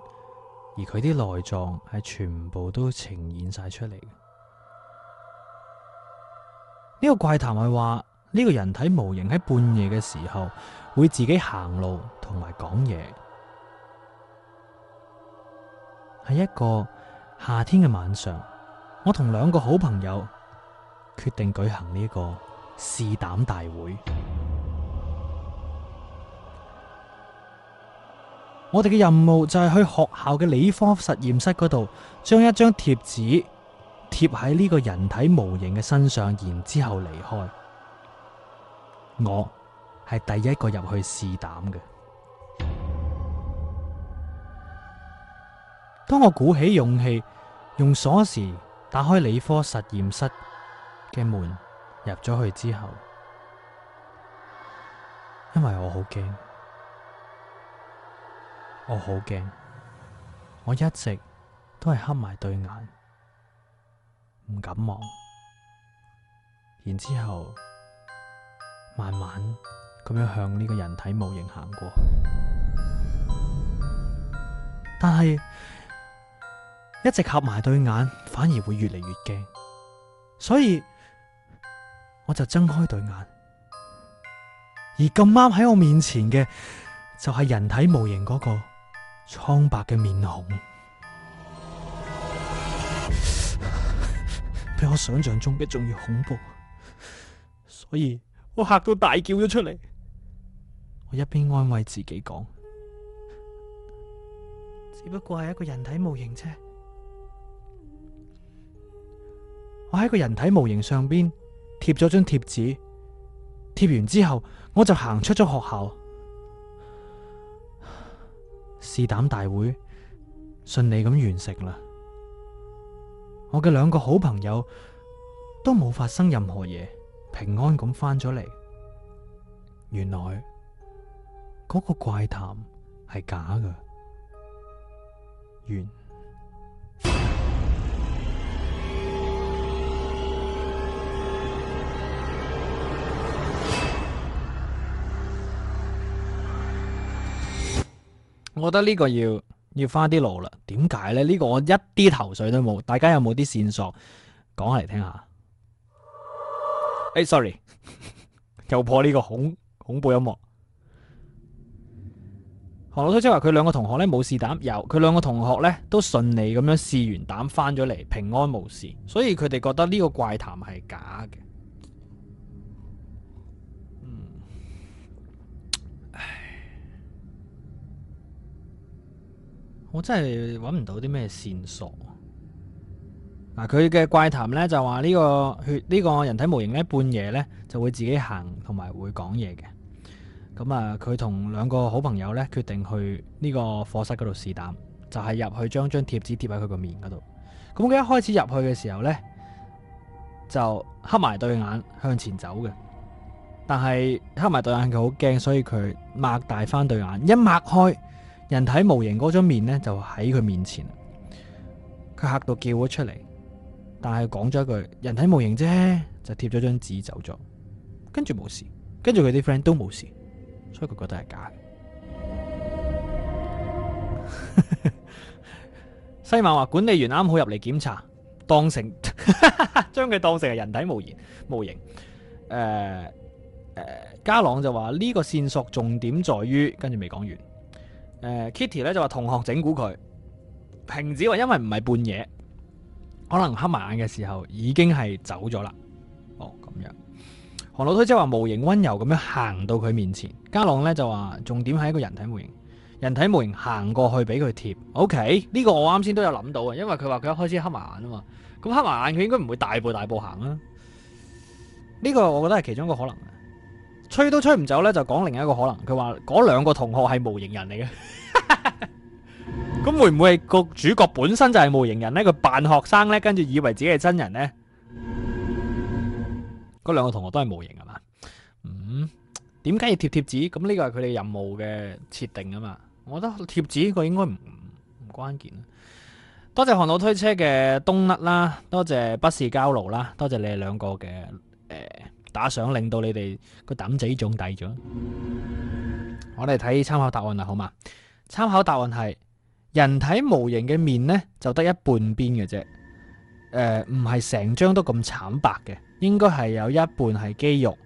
而佢啲內臟係全部都呈現晒出嚟。呢個怪談係話呢個人體模型喺半夜嘅時候會自己行路同埋講嘢。係一個夏天嘅晚上，我同兩個好朋友，決定舉行呢個試膽大會。我哋嘅任務就係去學校嘅理科實驗室嗰度，將一張貼紙貼喺呢個人體模型嘅身上，然之後離開。我係第一個入去試膽嘅。當我鼓起勇氣，用鎖匙打開理科實驗室。嘅門入咗去之後，因為我好驚，我好驚，我一直都係合埋對眼，唔敢望。然之後，後慢慢咁樣向呢個人體模型行過去，但係一直合埋對眼，反而會越嚟越驚，所以。我就睜開對眼，而咁啱喺我面前嘅，就係、是、人體模型嗰、那個蒼白嘅面孔， 比我想象中嘅仲要恐怖，所以我嚇到大叫咗出嚟。我一邊安慰自己講，只不過係一個人體模型啫，我喺個人體模型上邊。貼咗張貼紙，貼完之後我就行出咗學校。試膽大會順利咁完成啦。我嘅兩個好朋友都冇發生任何嘢，平安咁翻咗嚟。原來嗰個怪談係假嘅。原我覺得呢個要要翻啲路啦。點解呢？呢、這個我一啲頭緒都冇。大家有冇啲線索講嚟聽下？誒、哎、sorry， 又破呢個恐恐怖音樂。何老師即係話佢兩個同學呢冇試膽有佢兩個同學呢都順利咁樣試完膽翻咗嚟，平安無事，所以佢哋覺得呢個怪談係假嘅。我真係揾唔到啲咩線索。嗱，佢嘅怪談呢，就話呢個血呢、呢個人體模型呢半夜呢，就會自己行同埋會講嘢嘅。咁啊，佢同兩個好朋友呢，決定去呢個課室嗰度試膽就係、是、入去將張貼紙貼喺佢個面嗰度。咁佢一開始入去嘅時候呢，就黑埋對眼向前走嘅。但係黑埋對眼佢好驚，所以佢擘大翻對眼，一擘開。人體模型嗰張面呢，就喺佢面前，佢吓到叫咗出嚟，但係講咗一句人體模型啫，就貼咗張紙走咗，跟住冇事，跟住佢啲 friend 都冇事，所以佢覺得係假嘅。 西馬話管理員啱好入嚟檢查，當成將佢 當成係人體模型模型。誒、呃、誒，嘉、呃、朗就話呢、這個線索重點在於，跟住未講完。呃、Kitty 咧就話同學整蠱佢，平子話因為唔係半夜，可能黑埋眼嘅時候已經係走咗啦。哦，咁樣，韓老推即係話模型温柔咁樣行到佢面前，嘉朗咧就話重點係一個人體模型，人體模型行過去俾佢貼。O K，呢個我啱先都有諗到啊，因為佢話佢一開始黑埋眼啊嘛，咁黑埋眼佢應該唔會大步大步行啦，呢、呢個我覺得係其中一個可能。吹都吹唔走呢，就講另一個可能。佢話嗰兩個同學係模型人嚟嘅，咁 會唔會係個主角本身就係模型人呢？佢扮學生呢，跟住以為自己係真人呢？嗰兩個同學都係模型啊嘛？嗯，點解要貼貼紙？咁呢個係佢哋任務嘅設定啊嘛？我覺得貼紙個應該唔唔關鍵。多謝韓佬推車嘅東甩啦，多謝不是交流啦，多謝你哋兩個嘅誒。呃打上令到你哋個膽仔腫大咗，我哋睇參考答案啦，好嘛？參考答案係人體模型嘅面呢，就得一半邊嘅啫，誒唔係成張都咁慘白嘅，應該係有一半係、呃、肌肉，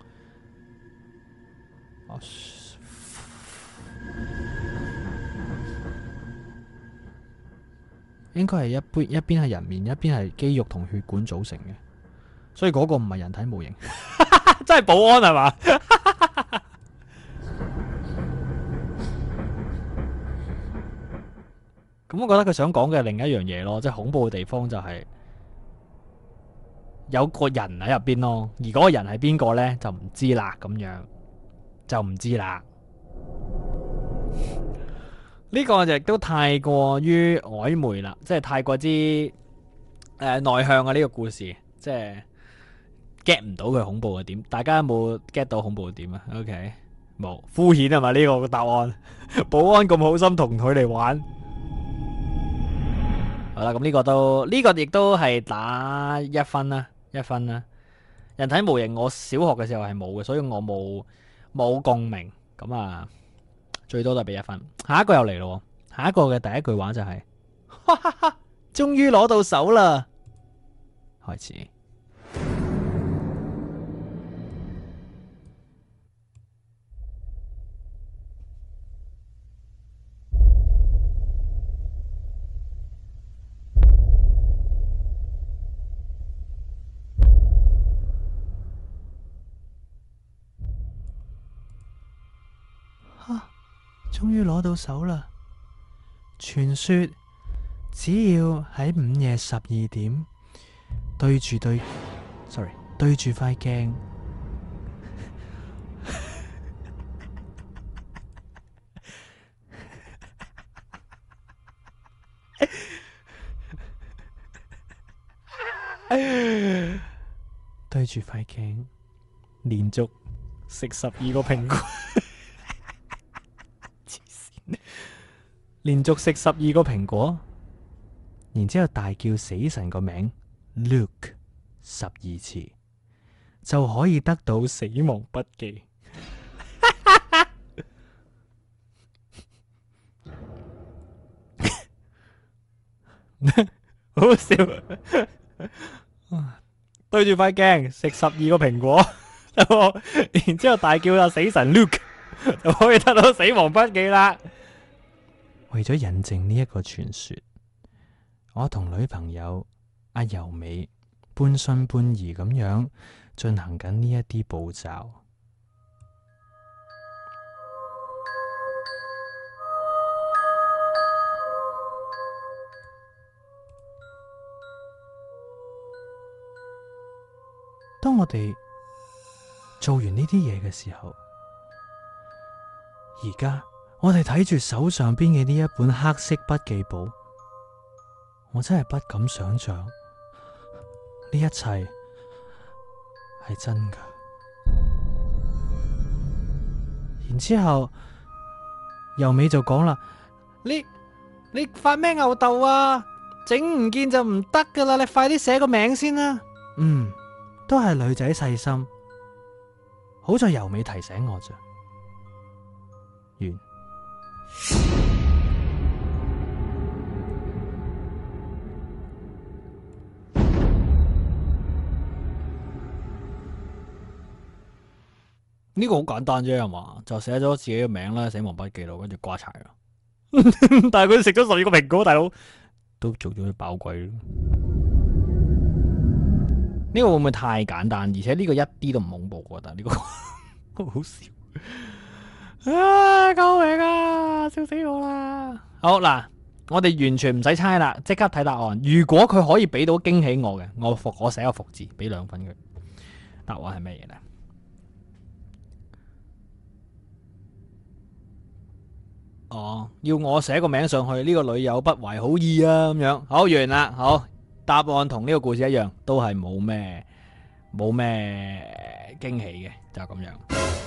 應該係一半一邊係人面，一邊係肌肉同血管組成嘅，所以嗰個唔係人體模型。 真係保安係嘛？咁 我覺得佢想講嘅另一樣嘢咯，即係恐怖嘅地方就係、是、有個人喺入邊咯，而嗰個人係邊個呢，就唔知啦，咁樣就唔知啦。呢 個亦都太過於曖昧啦，即係太過之誒內、呃、向嘅呢、這個故事即係。get 唔到佢恐怖嘅點，大家有冇 get 到恐怖嘅點啊？OK，冇，敷衍吖嘛，呢、這個個答案？保安咁好心同佢嚟玩， 好啦，咁呢個都呢、這個亦都係打一分啦，一分啦。人體模型我小學嘅時候係冇嘅，所以我冇冇共鳴，咁啊，最多都係俾一分。下一個又嚟咯，下一個嘅第一句話就係、是，哈哈哈，終於攞到手啦，開始。終於攞到手啦！傳說只要喺午夜十二點，對住對，sorry，對住塊鏡， 對住塊鏡，連續食十二個蘋果.。 連續食十二個蘋果，然之後大叫死神個名，Luke 十二次就可以得到死亡筆記。好 好笑，啊！ 對住塊鏡食十二個蘋果， 然之後大叫死神 Luke 就可以得到死亡筆記啦。為咗引證呢一個傳說，我同女朋友阿柔美半信半疑咁樣進行緊呢一啲步驟。當我哋做完呢啲嘢嘅時候，而家。我哋睇住手上邊嘅呢一本黑色筆記簿，我真係不敢想象呢一切係真噶。然之後由美就講啦，你你發咩牛豆啊？整唔見就唔得噶啦！你快啲寫個名先啦，啊。嗯，都係女仔細心，好在由美提醒我咋。完。呢個好簡單啫，係嘛？就寫咗自己嘅名啦，死亡筆記度跟住瓜柴咯。 但係佢食咗十二個蘋果，大佬都做咗飽鬼。呢個會唔會太簡單？而且呢個一啲都唔恐怖，但呢個 好笑。啊！救命啊！笑死我啦！好嗱，我哋完全唔使猜啦，即刻睇答案。如果佢可以俾到驚喜我嘅，我服我寫個服字，俾兩分佢。答案係咩嘢呢？哦，要我寫個名上去。呢個女友不懷好意啊，咁樣。好，完啦。好，答案同呢個故事一樣，都係冇咩冇咩驚喜嘅，就係咁樣。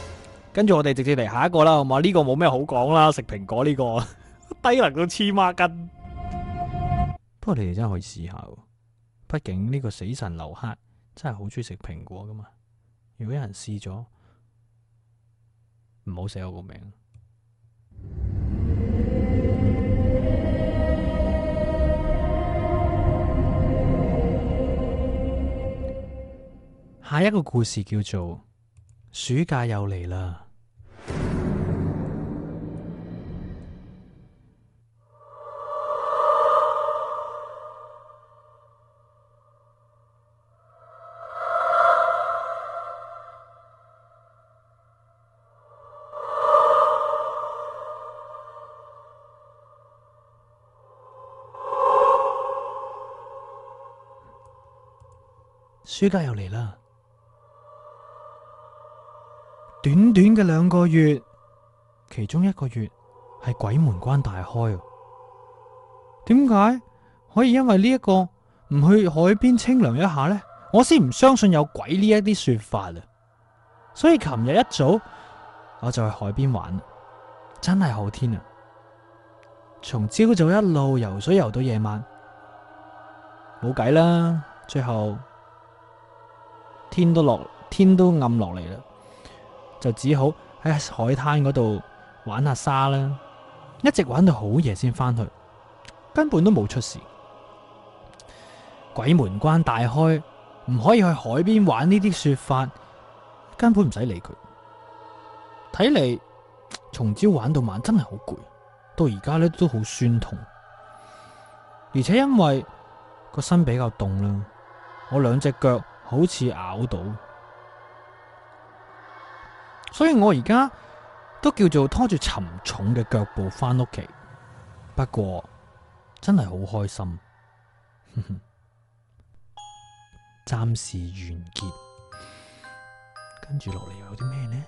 跟住我哋直接嚟下一個啦，好嘛？呢個冇咩好講啦，食蘋果呢個低能到黐孖筋。不過你哋真係可以試下，畢竟呢個死神流克真係好中意食蘋果噶嘛。如果有人試咗，唔好寫我個名。下一個故事叫做暑假又嚟啦。暑假又嚟啦！短短嘅兩個月，其中一個月係鬼門關大開啊！點解可以因為呢一個唔去海邊清涼一下呢？我先唔相信有鬼呢一啲說法啊！所以琴日一早我就去海邊玩，真係好天啊！從朝早一路游水游到夜晚，冇計啦，最後。天都落，天都暗落嚟啦，就只好喺海灘嗰度玩下沙啦，一直玩到好夜先返去，根本都冇出事。鬼門關大開，唔可以去海邊玩呢啲說法，根本唔使理佢。睇嚟從朝玩到晚真係好攰，到而家咧都好酸痛，而且因為個身比較凍啦，我兩隻腳。好似咬到，所以我而家都叫做拖住沉重嘅腳步翻屋企。不過真係好開心，暫時完結。跟住落嚟，又有啲咩呢？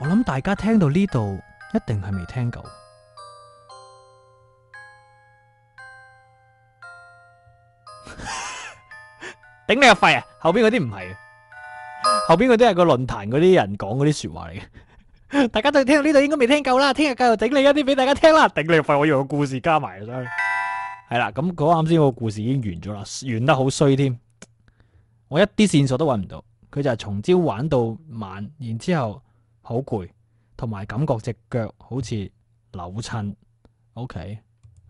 我諗大家聽到呢度一定係未聽夠。頂你個肺啊！後邊嗰啲唔係，後邊嗰啲係個論壇嗰啲人講嗰啲說話嚟嘅。 大家都聽到呢度應該未聽夠啦，聽日繼續整你一啲俾大家聽啦，頂你個肺！我要個故事加埋，所以係啦。咁嗰啱先個故事已經完咗啦，完得好衰添。我一啲線索都揾唔到，佢就係從朝玩到晚，然之後好攰，同埋感覺隻腳好似扭親。OK，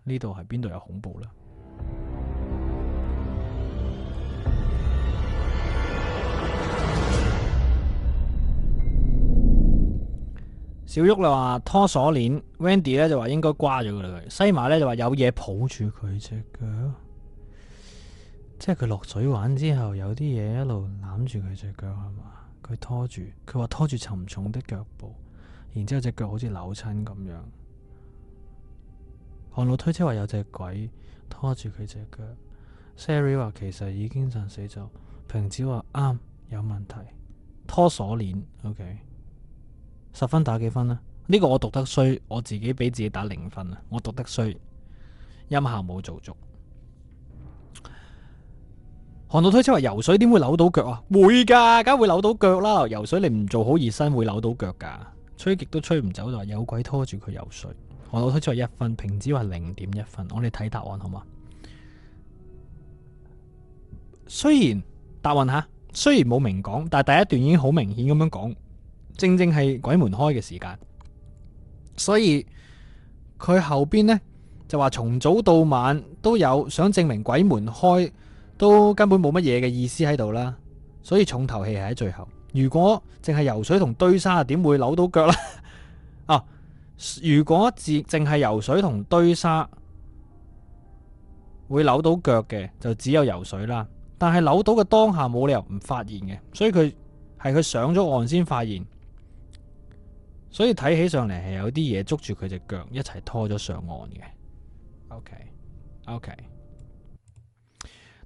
呢度係邊度有恐怖啦？小旭就話拖鎖鏈，Wendy 咧就話應該瓜咗佢，西馬咧就話有嘢抱住佢隻腳，即係佢落水玩之後有啲嘢一路攬住佢隻腳係嘛，佢拖住，佢話拖住沉重的腳步，然之後隻腳好似扭親咁樣。航老推車話有隻鬼拖住佢隻腳，Siri 話其實已經浸死咗，平子話啱有問題，拖鎖鏈，OK。十分打幾分啦、啊？呢、這個我讀得衰，我自己俾自己打零分啊！我讀得衰，音效冇做足。韓導推測話游水點會扭到腳啊？會噶，梗會扭到腳啦！游水你唔做好熱身會扭到腳噶，吹極都吹唔走就話有鬼拖住佢游水。韓導推測係一分，平子話零點一分，我哋睇答案好嘛？雖然答案吓，雖然冇明講，但係第一段已經好明顯咁樣講。正正係鬼門開嘅時間，所以佢後邊呢就話從早到晚都有想證明鬼門開都根本冇乜嘢嘅意思喺度啦，所以重頭戲係喺最後。如果淨係游水同堆沙，點會扭到腳啦？啊，啊，如果只淨係游水同堆沙會扭到腳嘅，就只有游水啦。但係扭到嘅當下冇理由唔發現嘅，所以佢係佢上咗岸先發現。所以睇起上嚟係有啲嘢，捉住佢隻腳一齊拖咗上岸嘅。OK，OK。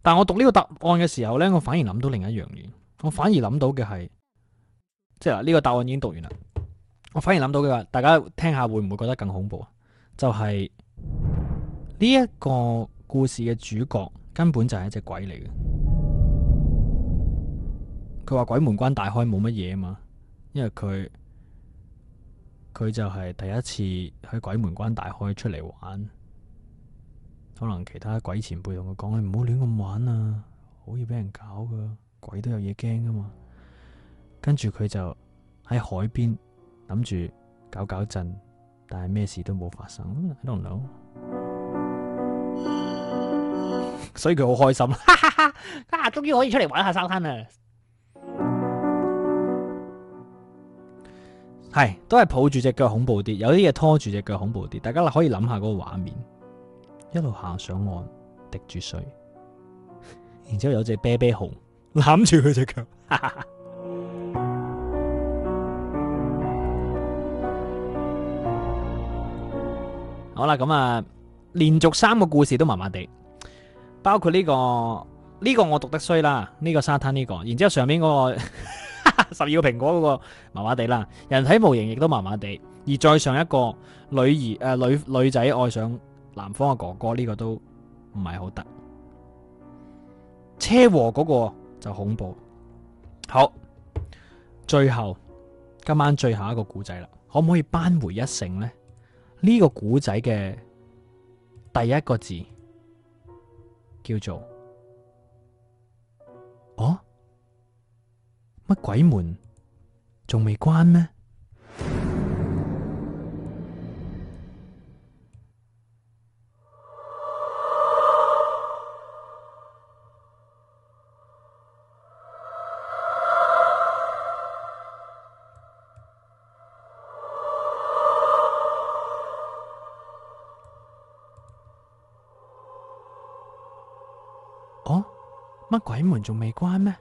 但我讀呢個答案嘅時候呢，我反而諗到另一樣嘢。我反而諗到嘅係，即係呢個答案已經讀完啦。我反而諗到嘅話，大家聽下會唔會覺得更恐怖啊？就係呢一個故事嘅主角根本就係一隻鬼嚟嘅。佢話鬼門關大開冇乜嘢啊嘛，因為佢。佢就係第一次喺鬼門關大開出嚟玩，可能其他鬼前輩同佢講：你唔好亂咁玩啊，好易俾人搞噶，鬼都有嘢驚噶嘛。跟住佢就喺海邊諗住搞搞震，但係咩事都冇發生，係唔係？ 所以佢好開心、 啊，哈哈終於可以出嚟玩下沙灘啦。係，都係抱住隻腳恐怖啲，有啲嘢拖住隻腳恐怖啲。大家可以諗下嗰個畫面，一路行上岸，滴住水，然之後有一隻啤啤熊攬住佢隻腳。好啦，咁啊，連續三個故事都麻麻地，包括呢個呢個我讀得衰啦，呢個沙灘呢個，然之後上面嗰個。 十 二個蘋果嗰、那個麻麻地啦，人體模型亦都麻麻地，而再上一個女兒誒、呃、女女仔愛上男方嘅哥哥呢、這個都唔係好得，車禍嗰個就恐怖。好，最後今晚最後一個古仔啦，可唔可以扳回一城呢？呢、這個古仔嘅第一個字叫做哦。啊乜鬼門仲未關咩？哦，乜鬼門仲未關咩？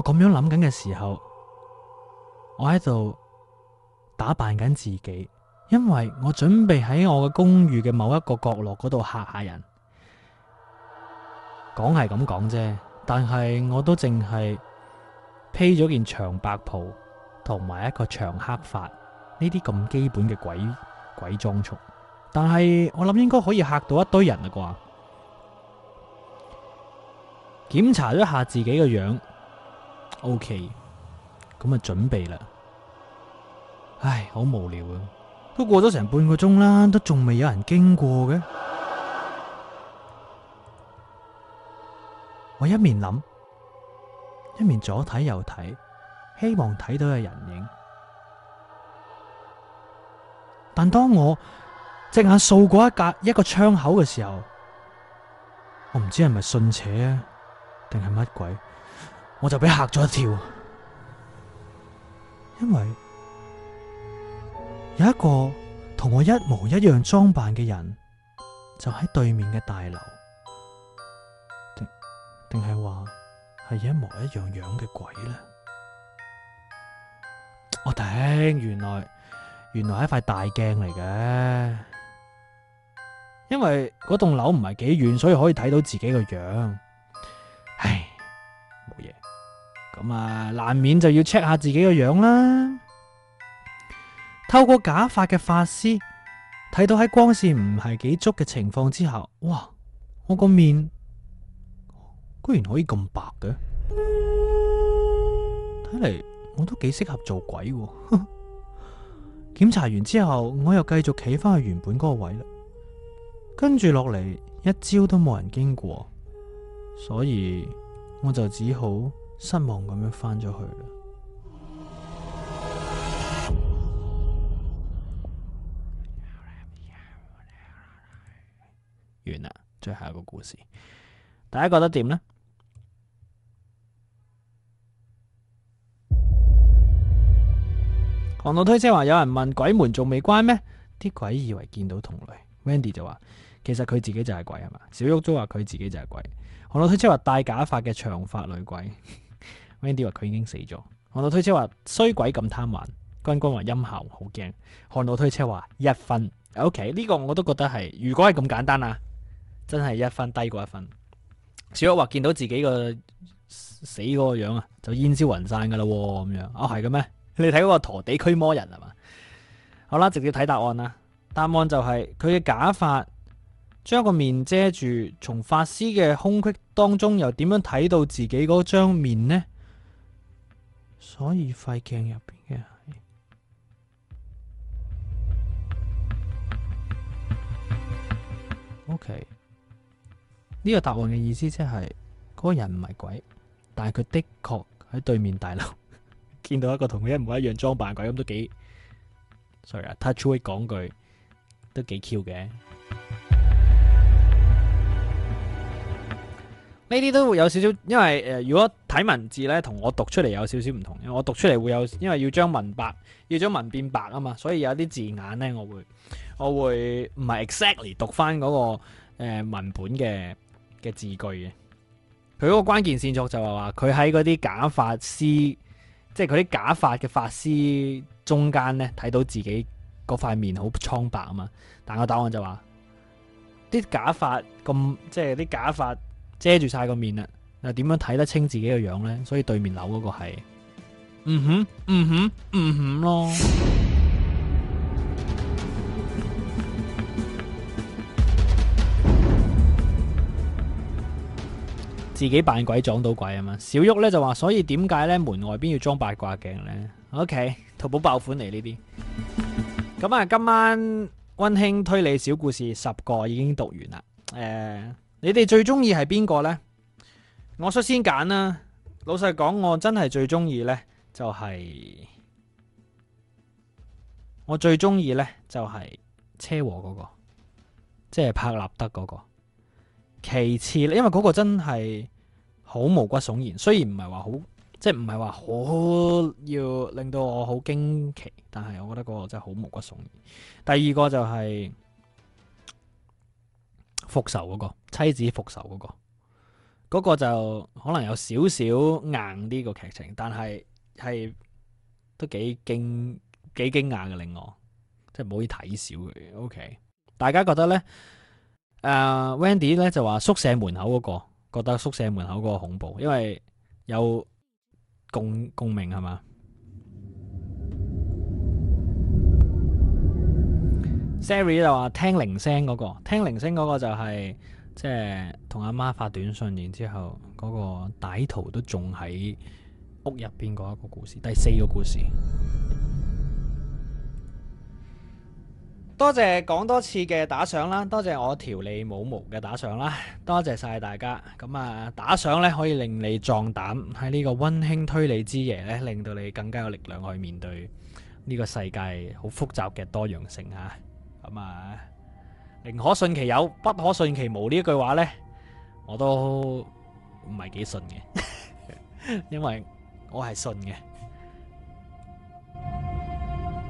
我咁樣諗緊嘅時候，我喺度打扮緊自己，因為我準備喺我嘅公寓嘅某一個角落嗰度嚇下人。講係咁講啫，但係我都淨係披咗件長白袍，同埋一個長黑髮，呢啲咁基本嘅鬼鬼裝束。但係我諗應該可以嚇到一堆人啦啩。檢查咗一下自己嘅樣。OK，咁啊，準備啦。唉，好無聊啊，都過咗成半個鐘啦，都仲未有人經過嘅。我一面諗，一面左睇右睇，希望睇到有人影。但當我隻眼掃過一格一個窗口嘅時候，我唔知係咪信邪啊，定係乜鬼？我就俾吓咗一跳，因為有一個同我一模一樣裝扮嘅人，就喺對面嘅大樓，定定係話係一模一樣樣嘅鬼呢？我頂，原來原來係一塊大鏡嚟嘅，因為嗰棟樓唔係幾遠，所以可以睇到自己個樣。咁啊，難免就要 check 下自己個樣啦。透過假髮嘅髮絲睇到，喺光線唔係幾足嘅情況之下，哇！我個面居然可以咁白嘅，睇嚟，我都幾適合做鬼喎。檢查完之後，我又繼續企翻去原本嗰個位啦。跟住落嚟一朝都冇人經過，所以我就只好。失望咁樣翻咗去啦。完啦，最後一個故事，大家覺得點呢？行路推車話有人問鬼門仲未關咩？啲鬼以為見到同類。Wendy 就話其實佢自己就係鬼係嘛？小玉都話佢自己就係鬼。行路推車話戴假髮嘅長髮女鬼。Andy 話佢已經死咗，漢到推車話衰鬼咁貪玩，軍軍話陰巧，好驚，漢到推車話一分 OK 呢個我都覺得係，如果係咁簡單啊，真係一分低過一分。小一話見到自己個死嗰個樣啊，就煙消雲散噶啦，咁樣哦，係嘅咩？你睇嗰個陀地驅魔人係嘛？好啦，直接睇答案啦。答案就係佢嘅假髮將個面遮住，從髮絲嘅空隙當中又點樣睇到自己嗰張面呢？所以，塊鏡入邊嘅係，OK。呢個答案嘅意思即係嗰個人唔係鬼，但係佢的確喺對面大樓見到一個同佢一模一樣裝扮嘅鬼，咁都幾，sorry 啊，Touchjoy 講句都幾 Q 嘅。呢啲都會有少少，因為誒、呃，如果睇文字咧，同我讀出嚟有少少唔同。因為我讀出嚟會有，因為要將文白，要將文變白啊嘛，所以有啲字眼咧，我會我會唔係 exactly 讀翻、那、嗰個、呃、文本嘅嘅字句嘅。佢嗰個關鍵線索就係話，佢喺嗰啲假髮絲，即係佢啲假髮嘅髮絲中間咧，睇到自己嗰塊面好蒼白啊嘛。但個答案就話，啲假髮咁，即係啲假髮。遮住晒個面啦，又點樣睇得清自己個樣呢？所以對面樓嗰個係，嗯哼，嗯哼，嗯哼咯，自己扮鬼撞到鬼啊嘛！小玉呢就話，所以點解呢？門外邊要裝八卦鏡呢？OK，淘寶爆款嚟，呢啲。咁啊， 今晚溫馨推理小故事十個已經讀完啦，誒、呃。你哋最中意係邊個呢？我率先揀啦。老實講，我真係最中意呢，就係我最中意呢，就係車禍嗰個，即係柏立德嗰個。其次因為嗰個真係好毛骨悚然。雖然唔係話好，即係唔係話好要令到我好驚奇，但係我覺得嗰個真係好毛骨悚然。第二個就係復仇嗰個。妻子復仇嗰、那個，嗰、那個就可能有少少硬啲個劇情，但係係都幾驚幾驚訝嘅。令我即係唔可以睇少佢。O、okay、K，大家覺得呢誒、uh, Wendy 咧就話宿舍門口嗰、那個覺得宿舍門口嗰個恐怖，因為有共共鳴係嘛？Siri 就話聽鈴聲嗰個，聽鈴聲嗰個就係、是。即係同阿媽發短信，然之後嗰個歹徒都仲喺屋入邊嗰一個故事，第四個故事。多謝講多次嘅打賞啦，多謝我條理冇毛嘅打賞啦，多謝晒大家。咁啊，打賞咧可以令你壯膽喺呢個溫馨推理之夜咧，令到你更加有力量去面對呢個世界好複雜嘅多樣性吓。咁啊～寧可信其有，不可信其無，呢句話呢，我都唔係幾信嘅。 因為我係信嘅，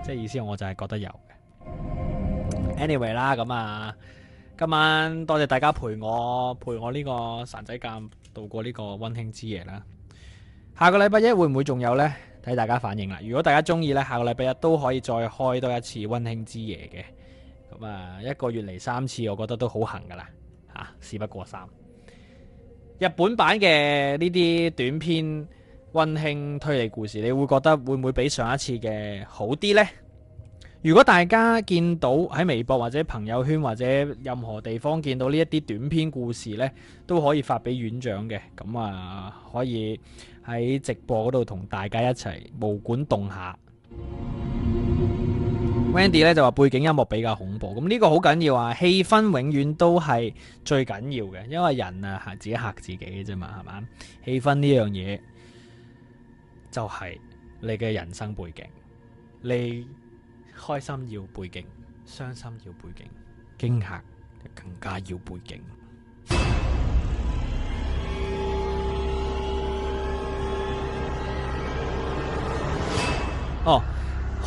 即 係意思我就係覺得有嘅。Anyway 啦，咁啊，今晚多謝大家陪我陪我呢個散仔監度過呢個溫馨之夜啦。下個禮拜一會唔會仲有呢？睇大家反應啦。如果大家中意呢，下個禮拜一都可以再開多一次溫馨之夜嘅。啊，一個月嚟三次，我覺得都好行㗎喇，吓，事不過三。日本版嘅呢啲短篇溫馨推理故事，你會覺得會唔會比上一次嘅好啲呢？如果大家見到喺微博或者朋友圈或者任何地方見到呢一啲短篇故事呢，都可以發俾院長嘅，咁啊可以喺直播嗰度同大家一齊無管動下。Wendy 咧就話背景音樂比較恐怖，咁呢個好緊要啊！氣氛永遠都係最緊要嘅，因為人啊嚇自己嚇自己嘅啫嘛，係嘛？氣氛呢樣嘢就係你嘅人生背景，你開心要背景，傷心要背景，驚嚇更加要背景。 哦。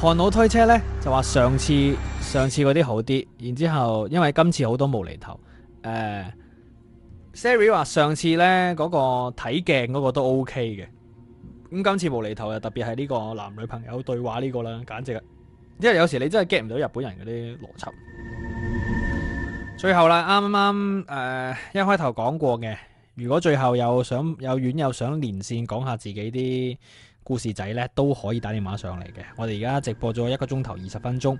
韓佬推車呢，就話上次上次嗰啲好啲，然之後因為今次好多無厘頭。Siri 話上次呢，嗰、嗰個睇鏡嗰個都 O K 嘅，咁今次無厘頭特別係呢個男女朋友對話呢個啦，簡直，因為有時你真係 get 唔到日本人嗰啲邏輯。最後啦，啱啱誒一開頭講過嘅，如果最後又想又遠又想連線講下自己啲。故事仔呢都可以打電話上嚟嘅，我哋而家直播咗一個鐘頭二十分鐘，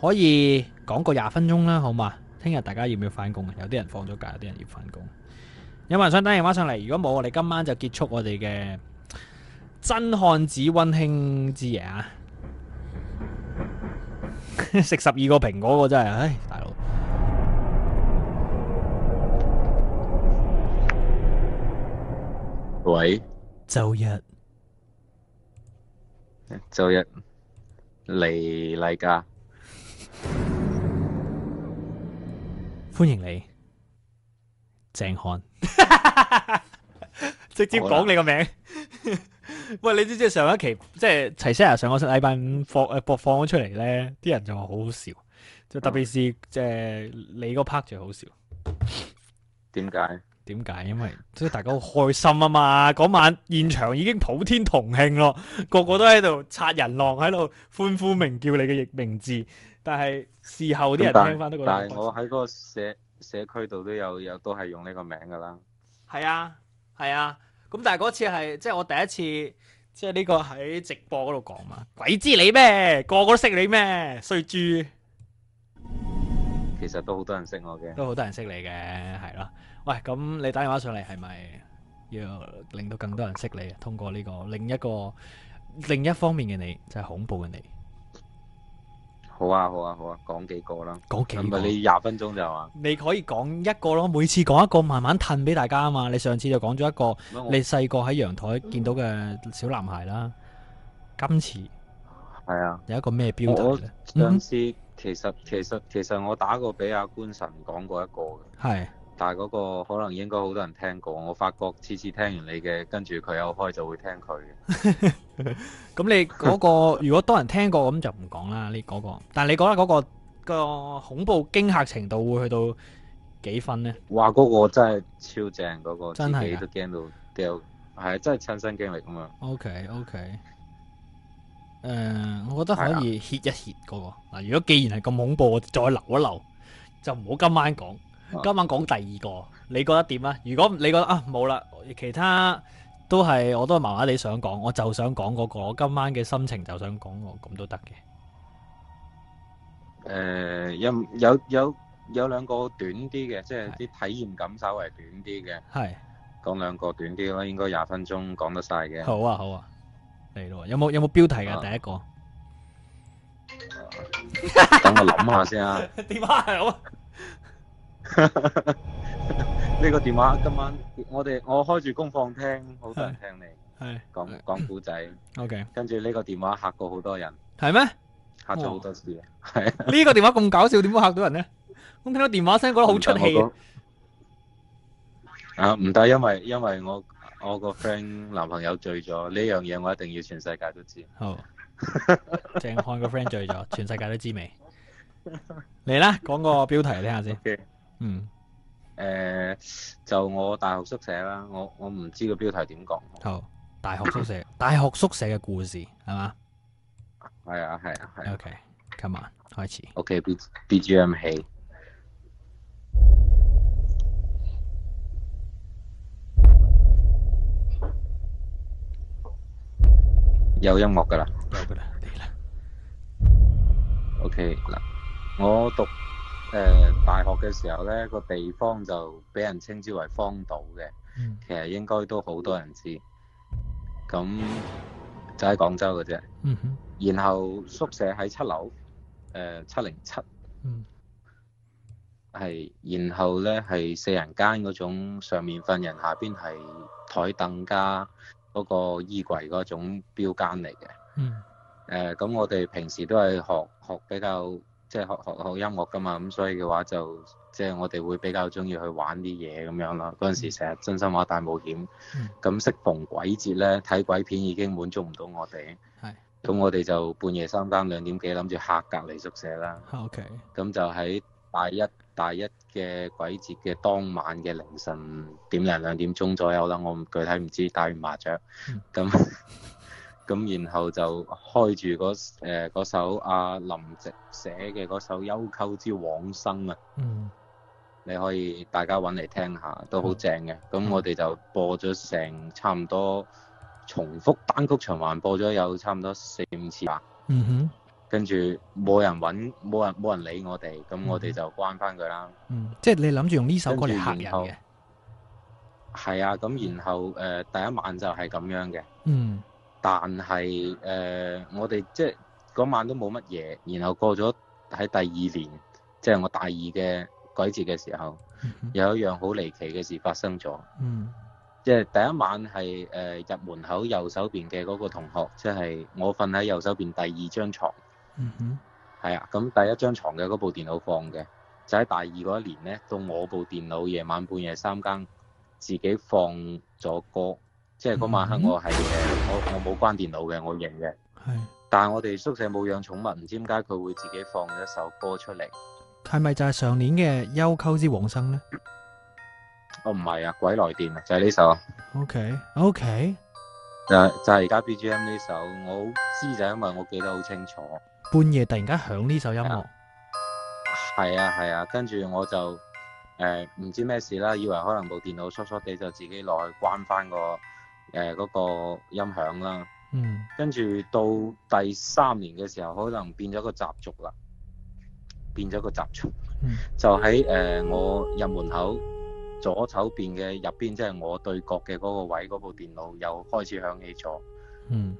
可以講個廿分鐘啦，好嘛？聽日大家要唔要翻工啊？有啲人放咗假，有啲人要翻工。有冇人想打電話上嚟？如果冇，我哋今晚就結束我哋嘅真漢子溫馨之夜啊！食十二個蘋果個真係，唉，大佬。喂，周日。周一嚟例假，歡迎你，鄭漢，直接講你個名。喂，你知唔知上一期即係齊 Sir 上嗰 s 拜五放誒播放咗出嚟咧，啲人就話好好笑，就特別是即係、嗯、你嗰 part 就很好笑，點解？點解？因為即係大家好開心啊嘛！嗰 晚現場已經普天同慶咯，個個都喺度刷人浪，喺度歡呼鳴叫你嘅名字。但係事後啲人聽翻都覺得，但係我喺嗰個社社區度都有有都係用呢個名噶啦。係啊，係啊，咁、啊、但係嗰次係即係我第一次，即係呢個喺直播嗰度講嘛。鬼知你咩？個個都識你咩？衰豬。其實都好多人識我嘅，都好多人識你嘅，係咯。喂，咁你打電話上嚟，係咪要令到更多人識你啊？通過呢個另一個另一方面嘅你，即係恐怖嘅你。好啊，好啊，好啊，講幾個啦。講幾個唔係你廿分鐘就啊？你可以講一個咯，每次講一個，慢慢褪俾大家啊嘛。你上次就講咗一個，你細個喺陽台見到嘅小男孩啦。今次係啊，有一個咩標題咧？上次其實其實其實我打過俾阿官神講過一個嘅，係。但係嗰個可能應該好多人聽過，我發覺次次聽完你嘅，跟住佢有開就會聽佢。咁 你嗰、那個如果多人聽過咁就唔講啦，呢、那、嗰個。但係你講下嗰、那個、那個恐怖驚嚇程度會去到幾分呢？哇！嗰、那個真係超正，嗰、那個真的自己都驚到掉，係真係親身經歷啊嘛。OK，OK、okay, okay. 呃。誒，我覺得可以歇一歇。嗰個。嗱、啊，如果既然係咁恐怖，我再留一留就唔好今晚講。今晚講第二個，你覺得點啊？如果你覺得啊冇啦，其他都係我都係麻麻你想講，我就想講嗰個，我今晚嘅心情就想講我，咁都得嘅。誒，有有有有兩個短啲嘅，即係啲體驗感稍微短啲嘅。係。講兩個短啲嘅話，應該廿分鐘講得晒嘅。好啊，好啊。嚟咯，有冇有冇標題噶？第一個。等我諗下先啊。點啊？好啊。呢 個電話今晚我哋我開住功放聽，好多人聽你係講講古仔。O K，跟住呢個電話吓過好多人，係咩？吓咗好多次，係、哦、呢、這個電話咁搞笑，點會吓到人呢？我聽到電話聲覺得好出奇啊，唔得，因為因為我我個 friend 男朋友醉咗，呢 樣嘢我一定要全世界都知。好，真寒個 friend 醉咗， 全世界都知未？嚟啦，講個標題聽下先。看看 okay. 嗯，誒，就我大學宿舍啦，我我唔知個標題點講。好，大學宿舍，大學宿舍嘅故事係嘛？係啊，係啊，係。O K，come on，開始。O K，BGM 起。有音樂噶啦，有噶啦，嚟啦。O K，嗱，我讀。誒、呃，大學嘅時候咧，個地方就俾人稱之為荒島嘅、嗯，其實應該都好多人知。咁就喺廣州嘅啫、嗯哼。然後宿舍喺七樓，誒七零七。係、嗯，然後咧係四人間嗰種，上面瞓人，下邊係台凳加嗰個衣櫃嗰種標間嚟嘅。嗯。誒、呃，咁我哋平時都係學學比較。即係學學學音樂噶嘛，咁所以嘅話就即係我哋會比較中意去玩啲嘢咁樣啦。嗰陣時成日真心話大冒險，咁、嗯、適逢鬼節咧，睇鬼片已經滿足唔到我哋。係。咁我哋就半夜三更兩點幾諗住嚇隔離宿舍啦。O、okay、K。咁就喺大一大一嘅鬼節嘅當晚嘅凌晨點零兩點鐘左右啦，我具體唔知打完麻雀。咁、嗯。 咁然後就開住嗰誒首阿、啊、林夕寫嘅嗰首《幽媾之往生》啊，嗯，你可以大家搵嚟聽下，都好正嘅。咁、嗯、我哋就播咗成差唔多重複單曲循環播咗有差唔多四五次吧。嗯哼。跟住冇人搵，冇人冇人理我哋，咁我哋就關翻佢啦。嗯，即係你諗住用呢首歌嚟嚇人嘅。係啊，咁然後誒、呃，第一晚就係咁樣嘅。嗯。但係誒、呃，我哋即係嗰晚都冇乜嘢，然後過咗喺第二年，即、就、係、是、我大二嘅鬼節嘅時候，mm-hmm. 有一樣好離奇嘅事發生咗。嗯、mm-hmm.，即係第一晚係誒、呃、入門口右手邊嘅嗰個同學，即、就、係、是、我瞓喺右手邊第二張床。嗯哼。係啊，咁第一張床嘅嗰部電腦放嘅，就喺大二嗰一年咧，到我部電腦夜晚半夜三更自己放咗歌。即係嗰晚黑、嗯，我係我我冇關電腦嘅，我認嘅。係，但係我哋宿舍冇養寵物，唔知點解佢會自己放一首歌出嚟。係咪就係上年嘅《幽溝之往生》咧？哦，唔係啊，鬼來電啊，就係、是、呢首。OK OK，就就係而家 BGM 呢首，我知就係因為我記得好清楚。半夜突然間響呢首音樂。係啊係啊，跟住我就誒唔、呃、知咩事啦，以為可能部電腦疏疏地就自己落去關翻個。誒、呃、嗰、那個音響啦，嗯，跟住到第三年嘅時候，可能變咗個習俗啦，變咗個習俗，嗯、就喺誒、呃、我入門口左手邊嘅入邊，即、就、係、是、我對角嘅嗰個位嗰部、那個、電腦又開始響起咗，嗯，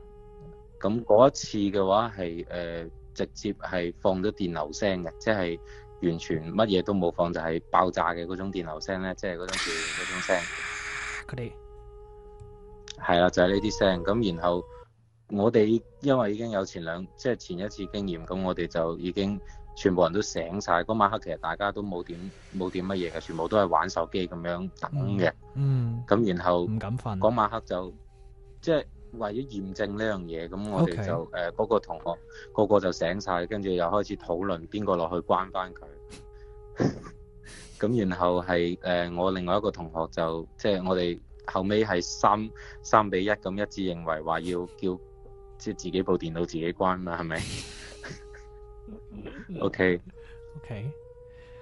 咁嗰一次嘅話係誒、呃、直接係放咗電流聲嘅，即、就、係、是、完全乜嘢都冇放，就係、是、爆炸嘅嗰種電流聲咧，即係嗰種叫嗰種聲嗰係啦、啊，就係呢啲聲。咁然後我哋因為已經有前兩，即係前一次經驗，咁我哋就已經全部人都醒晒。嗰晚黑其實大家都冇點冇點乜嘢嘅，全部都係玩手機咁樣等嘅。嗯。咁、嗯、然後唔敢瞓、嗰晚黑就即係為咗驗證呢樣嘢，咁我哋就誒嗰、okay. 呃嗰個同學個個就醒晒。跟住又開始討論邊個落去關翻佢。咁 然後係誒、呃、我另外一個同學就即係我哋。後尾係三三比一，咁一致認為話要叫即係自己部電腦自己關啦係咪？O K O K，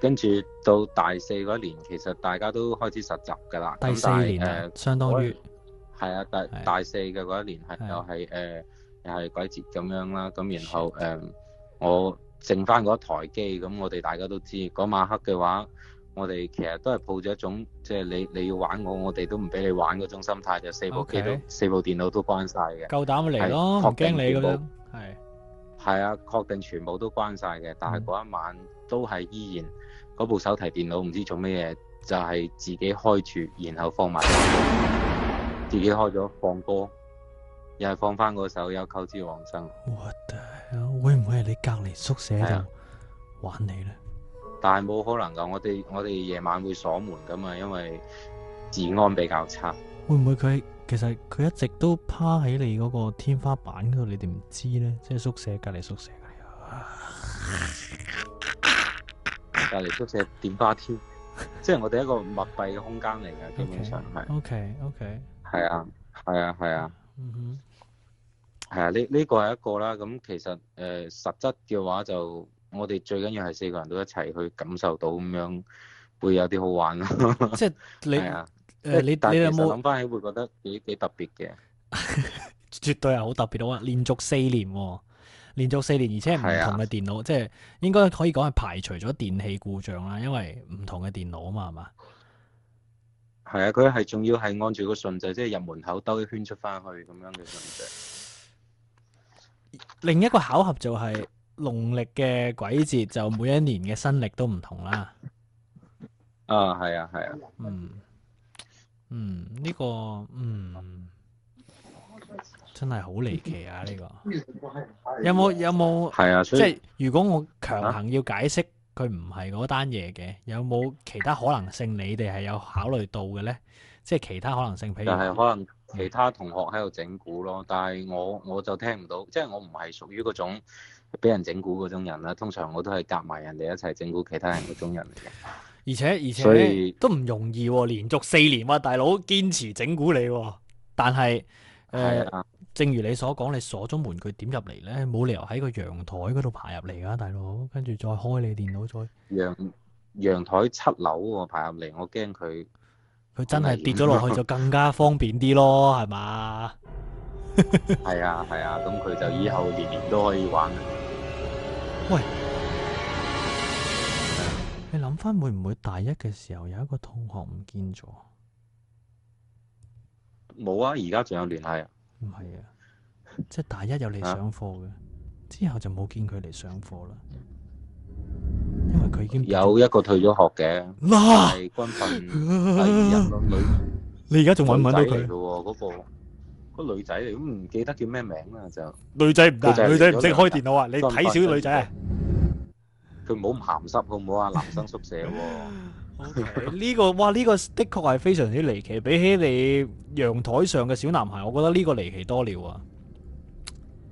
跟住到大四嗰一年，其實大家都開始實習㗎啦。第四年誒、呃，相當於係啊，大大四嘅嗰一年係又係誒，又係、呃、鬼節咁樣啦。咁然後誒、呃，我剩翻嗰台機咁，我哋大家都知嗰晚黑嘅話。我哋其實都係抱住一種，即係你你要玩我，我哋都唔俾你玩嗰種心態，就四部機都、okay. 四部電腦都關晒嘅，夠膽嚟咯，唔驚你㗎咯。係係啊，確定全部都關晒嘅，但係嗰一晚都係依然嗰、嗯、部手提電腦唔知做咩嘢，就係、是、自己開住，然後放埋，自己開咗放歌，又係放翻嗰首有救之往生。會唔會係你隔籬宿舍就玩你咧？但係冇可能噶，我哋我哋夜晚會鎖門噶嘛，因為治安比較差。會唔會佢其實佢一直都趴喺你嗰個天花板嗰度，你哋唔知咧？即係宿舍隔籬宿舍，隔籬宿舍，宿舍點花天花添？ 即係我哋一個密閉嘅空間嚟嘅，okay，基本上係。O K O K。係啊係啊係啊。嗯哼。係啊，呢呢、啊啊 mm-hmm，啊呢個係、呢個、一個啦。咁其實誒、呃、實質嘅話就。我哋最緊要係四個人都一齊去感受到咁樣，會有啲好玩咯。即係你，誒、 啊，你你有冇諗翻起會覺得幾幾特別嘅？絕對係好特別咯，連續四年、哦，連續四年，而且係唔同嘅電腦，啊、即係應該可以講係排除咗電器故障啦，因為唔同嘅電腦啊嘛，係嘛？係啊，佢係仲要係按住個順序，即、就、係、是、入門口兜一圈出翻去咁樣嘅順序。另一個巧合就係、是。農曆嘅鬼節就每一年嘅新曆都唔同啦。啊，係啊，係啊，嗯，嗯，呢個嗯真係好離奇啊！呢個有冇有冇係啊？即係如果我強行要解釋佢唔係嗰單嘢嘅，有冇其他可能性？你哋係有考慮到嘅呢？即係其他可能性，譬如係可能其他同學喺度整蠱咯，嗯，但係我我就聽唔到，即係我唔係屬於嗰種。俾人整蠱嗰種人啦，通常我都係夾埋人哋一齊整蠱其他人嗰種人嚟嘅 而且而且都唔容易喎、啊，連續四年喎、啊，大佬堅持整蠱你、啊。但係，係、啊、正如你所講，你鎖咗門，佢點入嚟呢？冇理由喺個陽台嗰度爬入嚟噶，大佬。跟住再開你電腦再。陽陽台七樓喎、啊，爬入嚟，我驚佢。佢真係跌咗落去就更加方便啲咯，係 嘛？係啊，係啊，咁佢就以後年年都可以玩。喂，你諗翻會唔會大一嘅時候有一個同學唔見咗？冇啊，而家仲有聯繫啊。唔係啊，即係大一有嚟上課嘅，之後就冇見佢嚟上課啦。因為佢已經有一個退咗學嘅，係軍訓係人女。你而家仲搵唔搵到佢嘅？嗰個。個女仔嚟，都唔記得叫咩名啦就。女仔唔得，女仔唔識開電腦啊！你睇小女仔啊。佢冇咁鹹濕好唔好啊？ 男生宿舍喎、啊。呢、okay, 呢個哇，呢、呢個的確係非常之離奇。 比起你陽台上嘅小男孩，我覺得呢個離奇多了啊。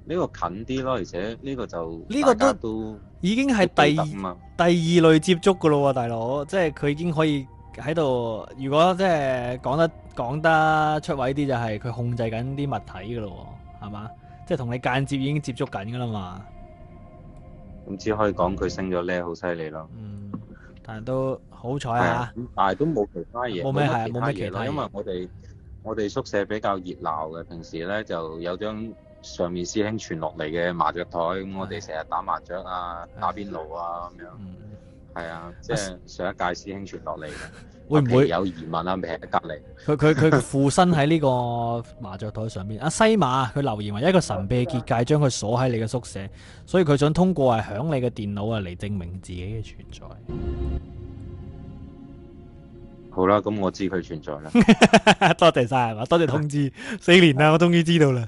呢、呢個近啲咯，而且呢個就，呢個都已經係第二第二類接觸噶咯，大佬。即係佢已經可以喺度，如果即係講得。講得出位啲就係佢控制緊啲物體嘅咯，係嘛？即係同你間接已經接觸緊嘅啦嘛。咁只可以講佢升咗 level 好犀利咯。嗯，但係都好彩嚇。啊，但係都冇其他嘢。冇咩係啊？冇咩其他嘢？因為我哋我哋宿舍比較熱鬧嘅，平時咧就有張上面師兄傳落嚟嘅麻雀台，咁我哋成日打麻雀啊、打邊爐啊咁樣。嗯。係啊，即係、就是、上一屆師兄傳落嚟嘅。 會唔會有疑問啊？咪喺隔籬，佢佢佢附身喺呢個麻雀台上面。阿 西馬佢留言話，一個神秘嘅結界將佢鎖喺你嘅宿舍，所以佢想通過係響你嘅電腦啊嚟證明自己嘅存在。好啦，咁我知佢存在啦。 多謝晒，多謝通知。四 年啦，我終於知道啦。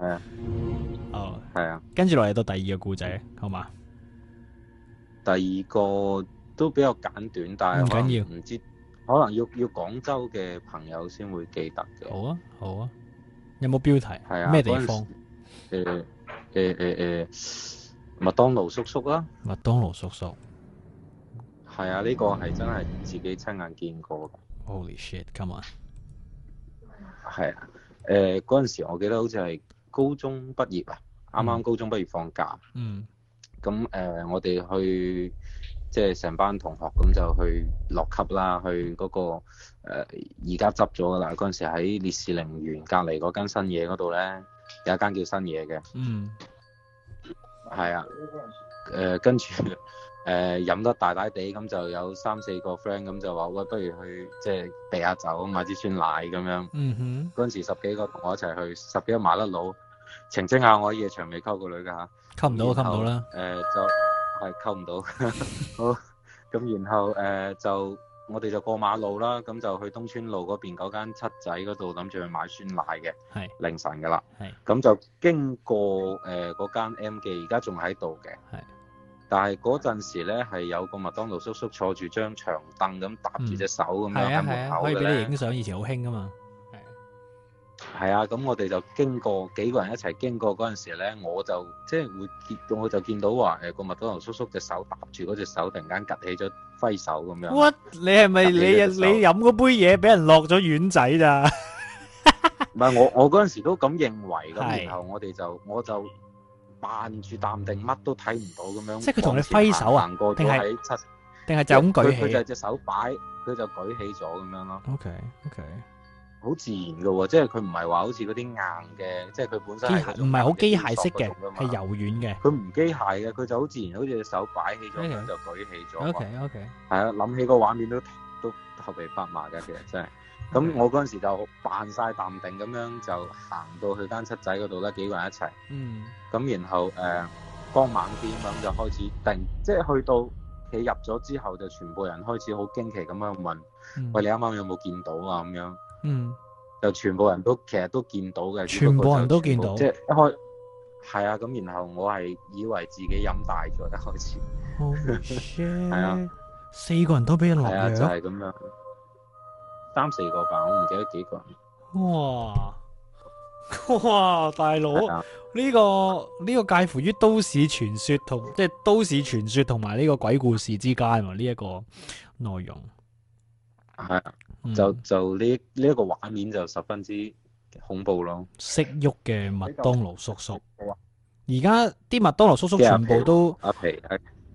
哦，係啊。跟住落嚟到第二個故仔，好嘛？第二個都比較簡短，但係唔緊要唔知。可能要要廣州嘅朋友先會記得嘅。好啊，好啊，有冇標題？係啊，咩地方？誒誒誒誒，麥、呃呃呃、當勞叔叔啦、啊。麥當勞叔叔。係啊，呢、呢個係真係自己親眼見過。Mm. Holy shit，come on。係啊，誒嗰陣時我記得好似係高中畢業啊，啱、mm. 啱高中畢業放假。嗯、mm.。咁、呃、誒，我哋去。即係成班同學咁就去落級啦，去嗰、嗰個而家執咗噶啦。嗰、呃、陣時喺烈士陵園隔離嗰間新嘢嗰度咧，有一間叫新嘢嘅。嗯。係啊。誒、呃，跟住誒、呃、飲得大大地咁，咁就有三四個 friend 咁就話：喂，不如去即係避下酒，買支酸奶咁樣。嗯哼。嗰陣時十幾個同我一齊去，十幾個麻甩佬。澄清下我女的不我，我喺夜場未溝過女㗎嚇。溝唔到，溝唔到啦。誒就。係溝唔到， 好咁，然後誒、呃、就我哋就過馬路啦，咁就去東川路嗰邊嗰間七仔嗰度諗住去買酸奶嘅，係凌晨噶啦，係咁就經過誒嗰間 M 記，而家仲喺度嘅，係，但係嗰陣時咧係有個麥當勞叔叔坐住張長凳咁搭住隻手咁、嗯、樣喺門、啊、口嘅咧、啊啊，可以俾你影相，以前好興噶嘛。係啊，咁我哋就經過幾個人一齊經過嗰陣時咧，我就即係會見，我就見到話誒個麥當勞叔叔隻手搭住嗰隻手，突然間趷起咗揮手咁樣。哇！你係咪你啊？你飲嗰杯嘢俾人落咗丸仔咋？唔係我，我嗰陣時都咁認為，咁然後我哋就，我就扮住淡定，乜都睇唔到咁樣。即係佢同你揮手行過？定係定係就咁舉起？佢就隻手擺，佢就舉起咗咁樣咯。OK OK。好自然㗎喎、哦，即係佢唔係話好似嗰啲硬嘅，即係佢本身唔係好機械式嘅，係柔軟嘅。佢唔機械嘅，佢就好自然，好似隻手擺起咗、okay. 就舉起咗。OK OK、嗯。係啊，諗起個畫面都都頭皮發麻嘅，其實真係。咁我嗰陣時就扮晒淡定咁樣就行到去間七仔嗰度咧，幾個人一齊。嗯。咁然後誒、呃、光猛啲咁就開始定，即係去到企入咗之後，就全部人開始好驚奇咁樣問、嗯，喂，你啱啱有冇見到啊？咁樣。嗯，就全部人都其實都見到嘅，全部人都見到，即係一開係啊，咁然後我係以為自己飲大咗，一開始，係、okay. 啊，四個人都俾人落藥，係啊，就係、是、咁樣，三四個吧，我唔記得幾個人。哇哇，大佬呢、啊這個呢、這個介乎於都市傳說同即係都市傳說同埋呢個鬼故事之間，係咪？呢一個內容，係啊。就就呢呢一個畫面就十分之恐怖咯，嗯。識喐嘅麥當勞叔叔，而家啲麥當勞叔叔全部都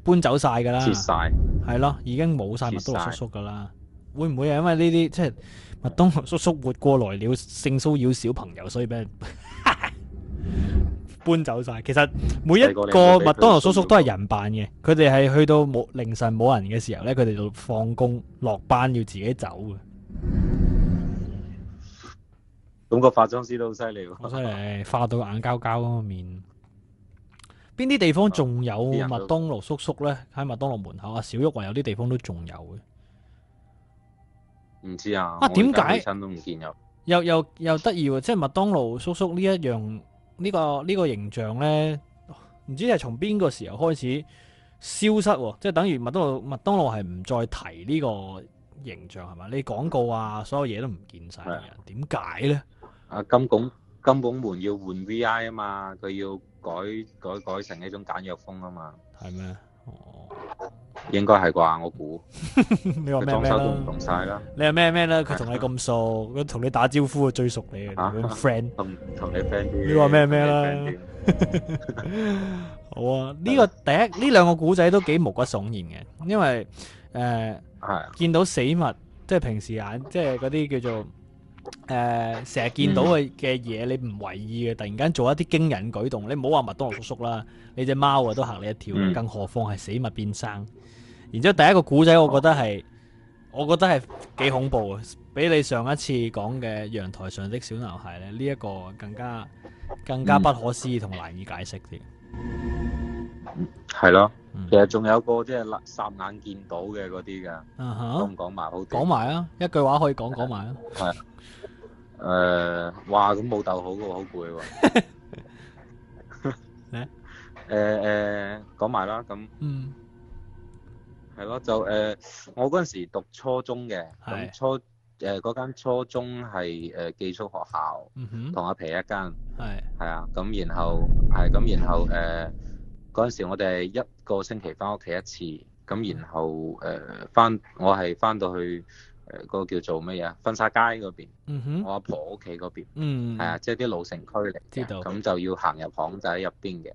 搬走晒噶啦，係咯，已經冇晒麥當勞叔叔噶啦。會唔會係因為呢啲即係麥當勞叔叔活過來了，性騷擾小朋友，所以俾人 搬走晒。其實每一個麥當勞叔叔都係人扮嘅，佢哋係去到冇凌晨冇人嘅時候咧，佢哋就放工落班要自己走嘅。感、那、覺、個、化妝師都好犀利，好犀利，化到眼膠膠個面。邊 啲地方仲有麥當勞叔叔呢？喺麥當勞門口啊，小玉話有啲地方都仲有嘅。唔知啊？啊，點解？都唔見又又又得意、啊，即係麥當勞叔叔呢一樣呢、呢個呢、呢個形象呢，唔知係從邊個時候開始消失、啊？即係等於麥當勞麥當勞係唔再提呢、呢個。形象係嘛？你廣告啊，所有嘢都唔見晒嘅，點解咧？阿金拱金拱門要換 VI 啊嘛，佢要改改改成一種簡約風啊嘛，係咩？哦，應該係啩，我估。你話咩咩啦？裝修都唔同晒啦。你話咩咩啦？佢同你咁熟，佢同你打招呼最熟你嘅，friend。同同你 friend 啲。你話咩咩啦？好啊，呢個第一呢兩個古仔都幾毛骨悚然嘅，因為誒。係，見到死物，即係平時眼，即係嗰啲叫做誒，呃、成日見到嘅嘅嘢，你唔為意嘅，突然間做一啲驚人舉動，你唔好話麥當勞叔叔啦，你隻貓啊都嚇你一跳，嗯、更何況係死物變生。然之後第一個古仔，哦，我覺得係，我覺得係幾恐怖嘅，比你上一次講嘅陽台上的小男孩咧，呢、這、一個更加更加不可思議同難以解釋嘅，係、嗯、咯。其實仲有個即係霎眼見到嘅嗰啲噶，都唔講埋好，講埋啊！一句話可以講講埋咯。係啊，誒，哇，咁冇逗號嘅，好攰喎。誒誒，講埋啦，咁，嗯，係咯，就誒，我嗰陣時讀初中嘅，咁初誒嗰間初中係誒寄宿學校，嗯哼，同阿皮一間，係，係啊，咁然後係咁然後誒。嗰陣時我哋一個星期翻屋企一次，咁然後返，翻、呃、我係翻到去嗰個、呃、叫做咩嘢、mm-hmm. mm-hmm. 啊，婚紗街嗰邊，我阿婆屋企嗰邊，係啊，即係啲老城區嚟嘅，咁就要行入巷仔入邊嘅。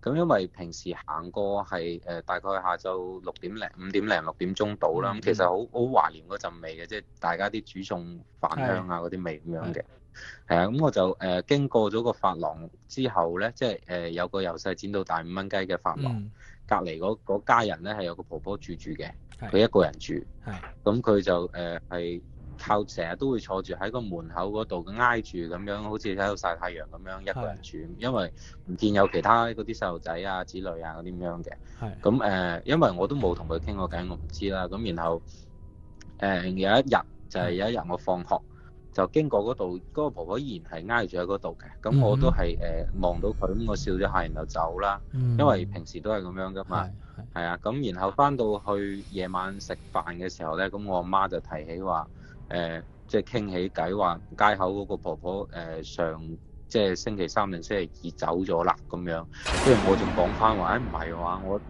咁因為平時行過係、呃、大概下晝六點零、五點零、六點鐘到啦，咁、mm-hmm. 其實好好懷念嗰陣味嘅，即係大家啲煮餸飯香啊嗰啲味咁樣嘅。係啊，咁我就誒、呃、經過咗個髮廊之後咧，即係誒、呃、有個由細剪到大五蚊雞嘅髮廊，隔離嗰家人咧係有個婆婆住住嘅，佢一個人住，係咁佢就誒係、呃、靠成日都會坐住喺個門口嗰度挨住咁樣，好似喺度曬太陽咁樣一個人住，因為唔見有其他嗰啲細路仔啊、子女啊嗰啲咁樣嘅，係咁誒，因為我都冇同佢傾過偈，我唔知啦。咁然後誒、呃、有一日就係、是、有一日我放學。就經過嗰度，嗰、嗰個婆婆依然係挨住喺嗰度嘅。咁我都係誒望到佢，咁我笑咗下，然後就走啦、嗯。因為平時都係咁樣噶嘛，係、嗯嗯、啊。咁然後翻到去夜晚食飯嘅時候咧，咁我阿媽就提起話，誒即係傾起偈話街口嗰個婆婆誒、呃、上即係星期三定星期二走咗啦咁樣。跟住我仲講翻話，唔係嘅話我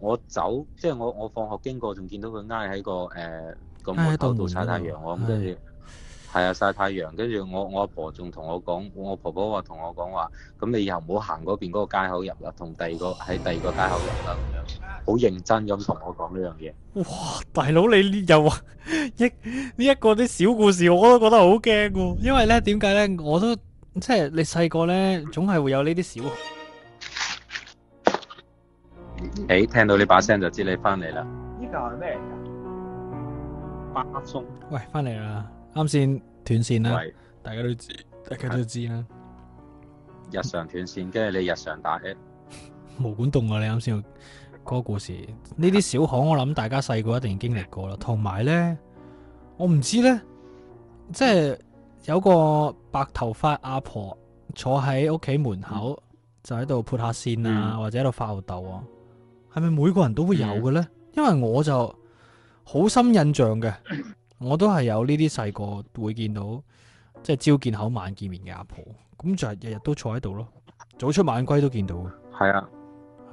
我走，即係我我放學經過仲見到佢挨喺個誒個門口度曬太陽，我咁跟住。係啊，曬太陽，跟住我我阿婆仲同我講，我婆婆話同我講話，咁你以後唔好行嗰邊嗰個街口入啦，同第二個喺第二個街口入啦，咁樣，好認真咁同我講呢樣嘢。哇，大佬你又一呢一個啲小故事我，我都覺得好驚，因為咧點解咧，我都即係你細個咧，總係會有呢啲小。誒、欸，聽到呢把聲就知你翻嚟啦。呢個係咩？嚟㗎？花松。喂，翻嚟啦。啱先斷線啦、啊，大家都知，大家都知啦、啊。日常斷線，即係你日常打氣，冇 管動啊！你啱先嗰個故事，呢啲小巷我諗大家細個一定經歷過啦。同埋呢，我唔知呢，即係有個白頭髮阿婆坐喺屋企門口，就喺度潑下線啊，嗯、或者喺度發吽哣啊，係咪每個人都會有嘅呢、嗯？因為我就好深印象嘅。我都係有呢啲細個會見到，即係朝見口晚見面嘅阿婆，咁就日日都坐喺度咯，早出晚歸都見到。係啊，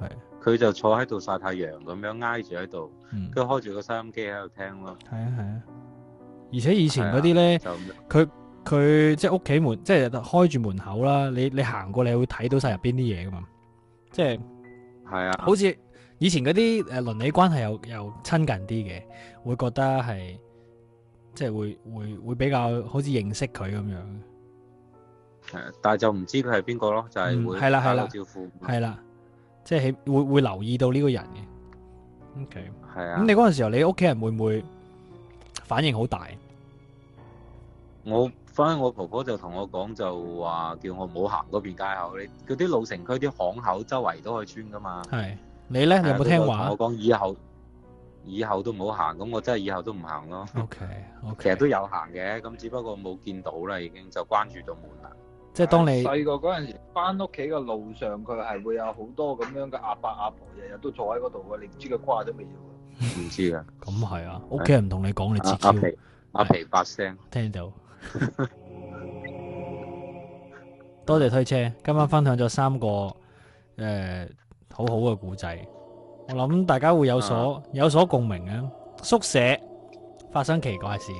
係。佢就坐喺度曬太陽咁樣挨住喺度，佢開住個收音機喺度聽咯。係啊係啊，而且以前嗰啲咧，佢佢即係屋企門，即係開住門口啦。你你行過，你會睇到晒入邊啲嘢噶嘛？即係，係啊，好似以前嗰啲誒鄰里關係又又親近啲嘅，會覺得係。即係會會會比較好似認識佢咁樣，係、嗯，但係就唔知佢係邊個咯，就係、係、會打下招呼，係啦，即係會會留意到呢個人嘅。O K，係啊。咁你嗰陣時候，你屋企人會唔會反應好大？我返我婆婆就同我講，就話叫我唔好行嗰邊街口，你嗰啲老城區啲巷口周圍都可以穿噶嘛。係。你咧，你有冇聽話？那個、我講以後。以後都唔好行，咁我真係以後都唔行咯。Okay, OK，其實都有行嘅，咁只不過冇見到啦，已經就關住咗門啦。即係當你細個嗰陣時，返屋企嘅路上，佢係會有好多咁樣嘅阿伯阿婆，日日都坐喺嗰度嘅，你唔知佢瓜咗未喎。唔知 是啊，咁係啊，屋企人唔同你講，你知 Q。阿皮發聲，聽到。 多謝推車，今晚分享咗三個誒、呃、好好嘅故仔。我諗大家會有所、啊、有所共鳴嘅、啊，宿舍發生奇怪事，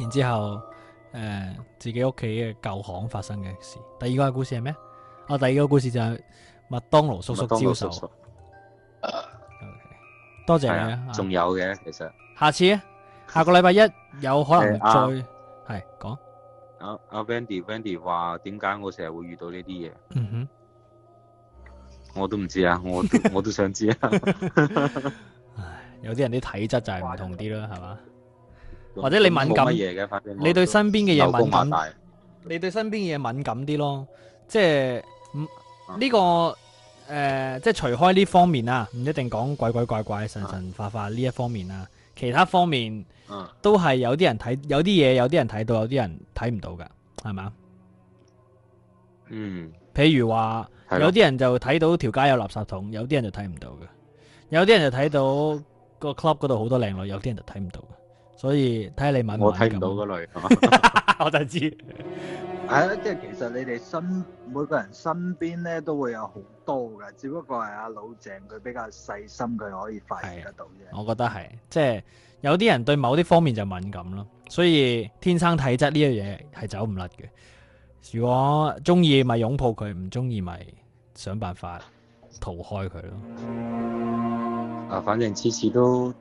然之後誒、呃、自己屋企嘅舊巷發生嘅事。第二個故事係咩？啊，第二個故事就係麥當勞叔叔招手。叔叔 okay, 多謝你、啊。仲、啊、有嘅，其實。下次，下個禮拜一有可能、嗯、再係講。阿、啊、阿、啊、Vandy Vandy 話點解我成日會遇到呢啲嘢？嗯哼。我都唔知啊，我都我都想知啊。 唉，有啲人啲體質就係唔同啲咯，係嘛哇？或者你敏感嘢嘅，你對身邊嘅嘢敏感，你對身邊嘅嘢敏感啲咯。即係呢、呢個誒、啊呃，即係除開呢方面啊，唔一定講鬼鬼怪怪、神神化化呢一方面啊。其他方面都係有啲人睇，有啲嘢有啲人睇到，有啲人睇唔到噶，係嘛？嗯，譬如話。有啲人就睇到條街有垃圾桶，有啲人就睇唔到嘅；有啲人就睇到個 club 嗰度好多靚女，有啲人就睇唔到嘅。所以睇下你敏感。我睇唔到嗰類，我就知。係咯，即係其實你哋身每個人身邊咧都會有好多嘅，只不過係阿老鄭佢比較細心，佢可以發現得到啫。我覺得係，即係有啲人對某啲方面就敏感咯，所以天生體質呢樣嘢係走唔甩嘅。如果中意咪擁抱佢，唔中意咪。就是想辦法逃開佢咯。啊，反正次次都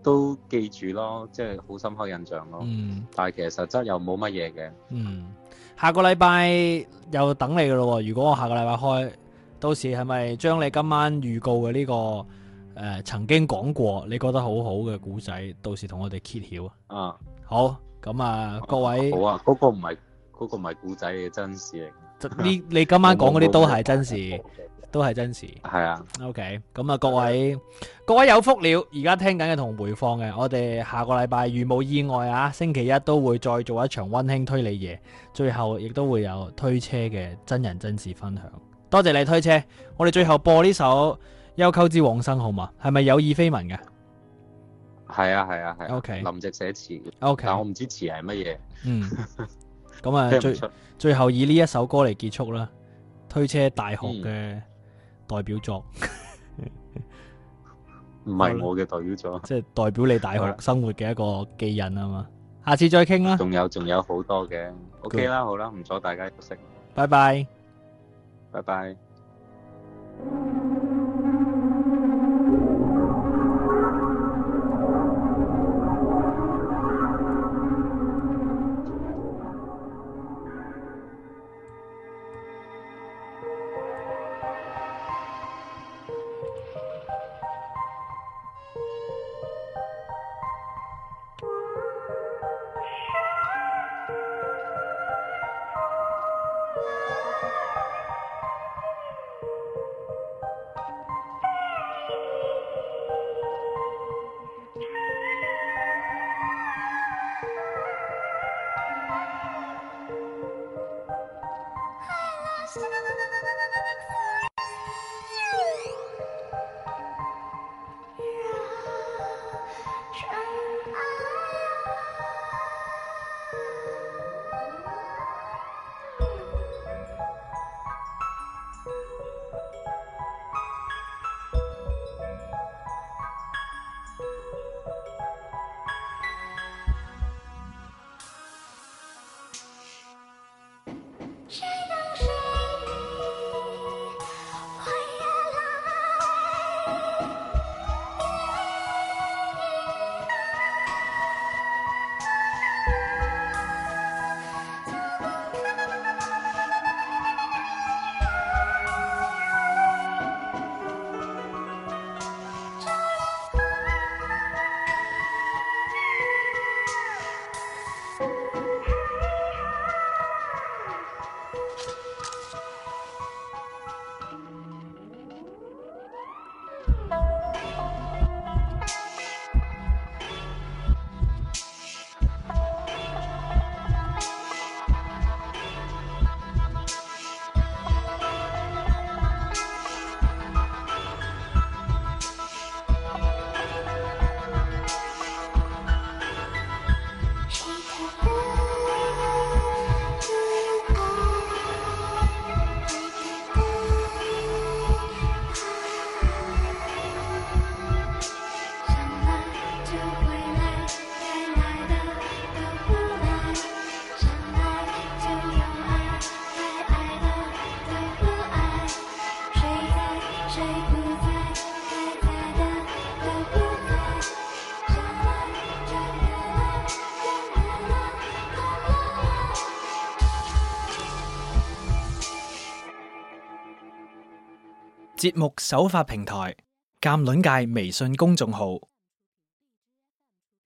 都記住咯，即係好深刻印象咯。嗯，但係其實實質又冇乜嘢嘅。嗯，下個禮拜又等你噶咯。如果我下個禮拜開，到時係咪將你今晚預告嘅呢、呢個誒、呃、曾經講過，你覺得好好嘅古仔，到時同我哋揭曉啊？啊，好。咁啊，各位。啊好啊，嗰、嗰個唔係嗰個唔係古仔嘅真事嚟。你你今晚講嗰啲都係真事，都係真事。係啊，OK。咁啊，okay, 各位，啊，各位有福了。而家聽緊嘅同回放嘅，我哋下個禮拜如冇意外啊，星期一都會再做一場溫馨推理夜，最後亦都會有推車嘅真人真事分享。多謝你推車，我哋最後播呢首《幽媾之往生》好嘛？係咪有意非文嘅？係啊係啊係，啊。OK，林夕寫詞。OK，但係我唔知詞係乜嘢。嗯。 咁啊，最最後以呢一首歌嚟結束啦，《推車大學嘅代表作》，唔係我嘅代表作，即係代表你大學生活嘅一個記印啊嘛。下次再傾啦。仲有仲有好多嘅，OK 啦，好啦，唔阻大家休息。拜拜，拜拜。節目首發平臺：鑑論界微信公眾號。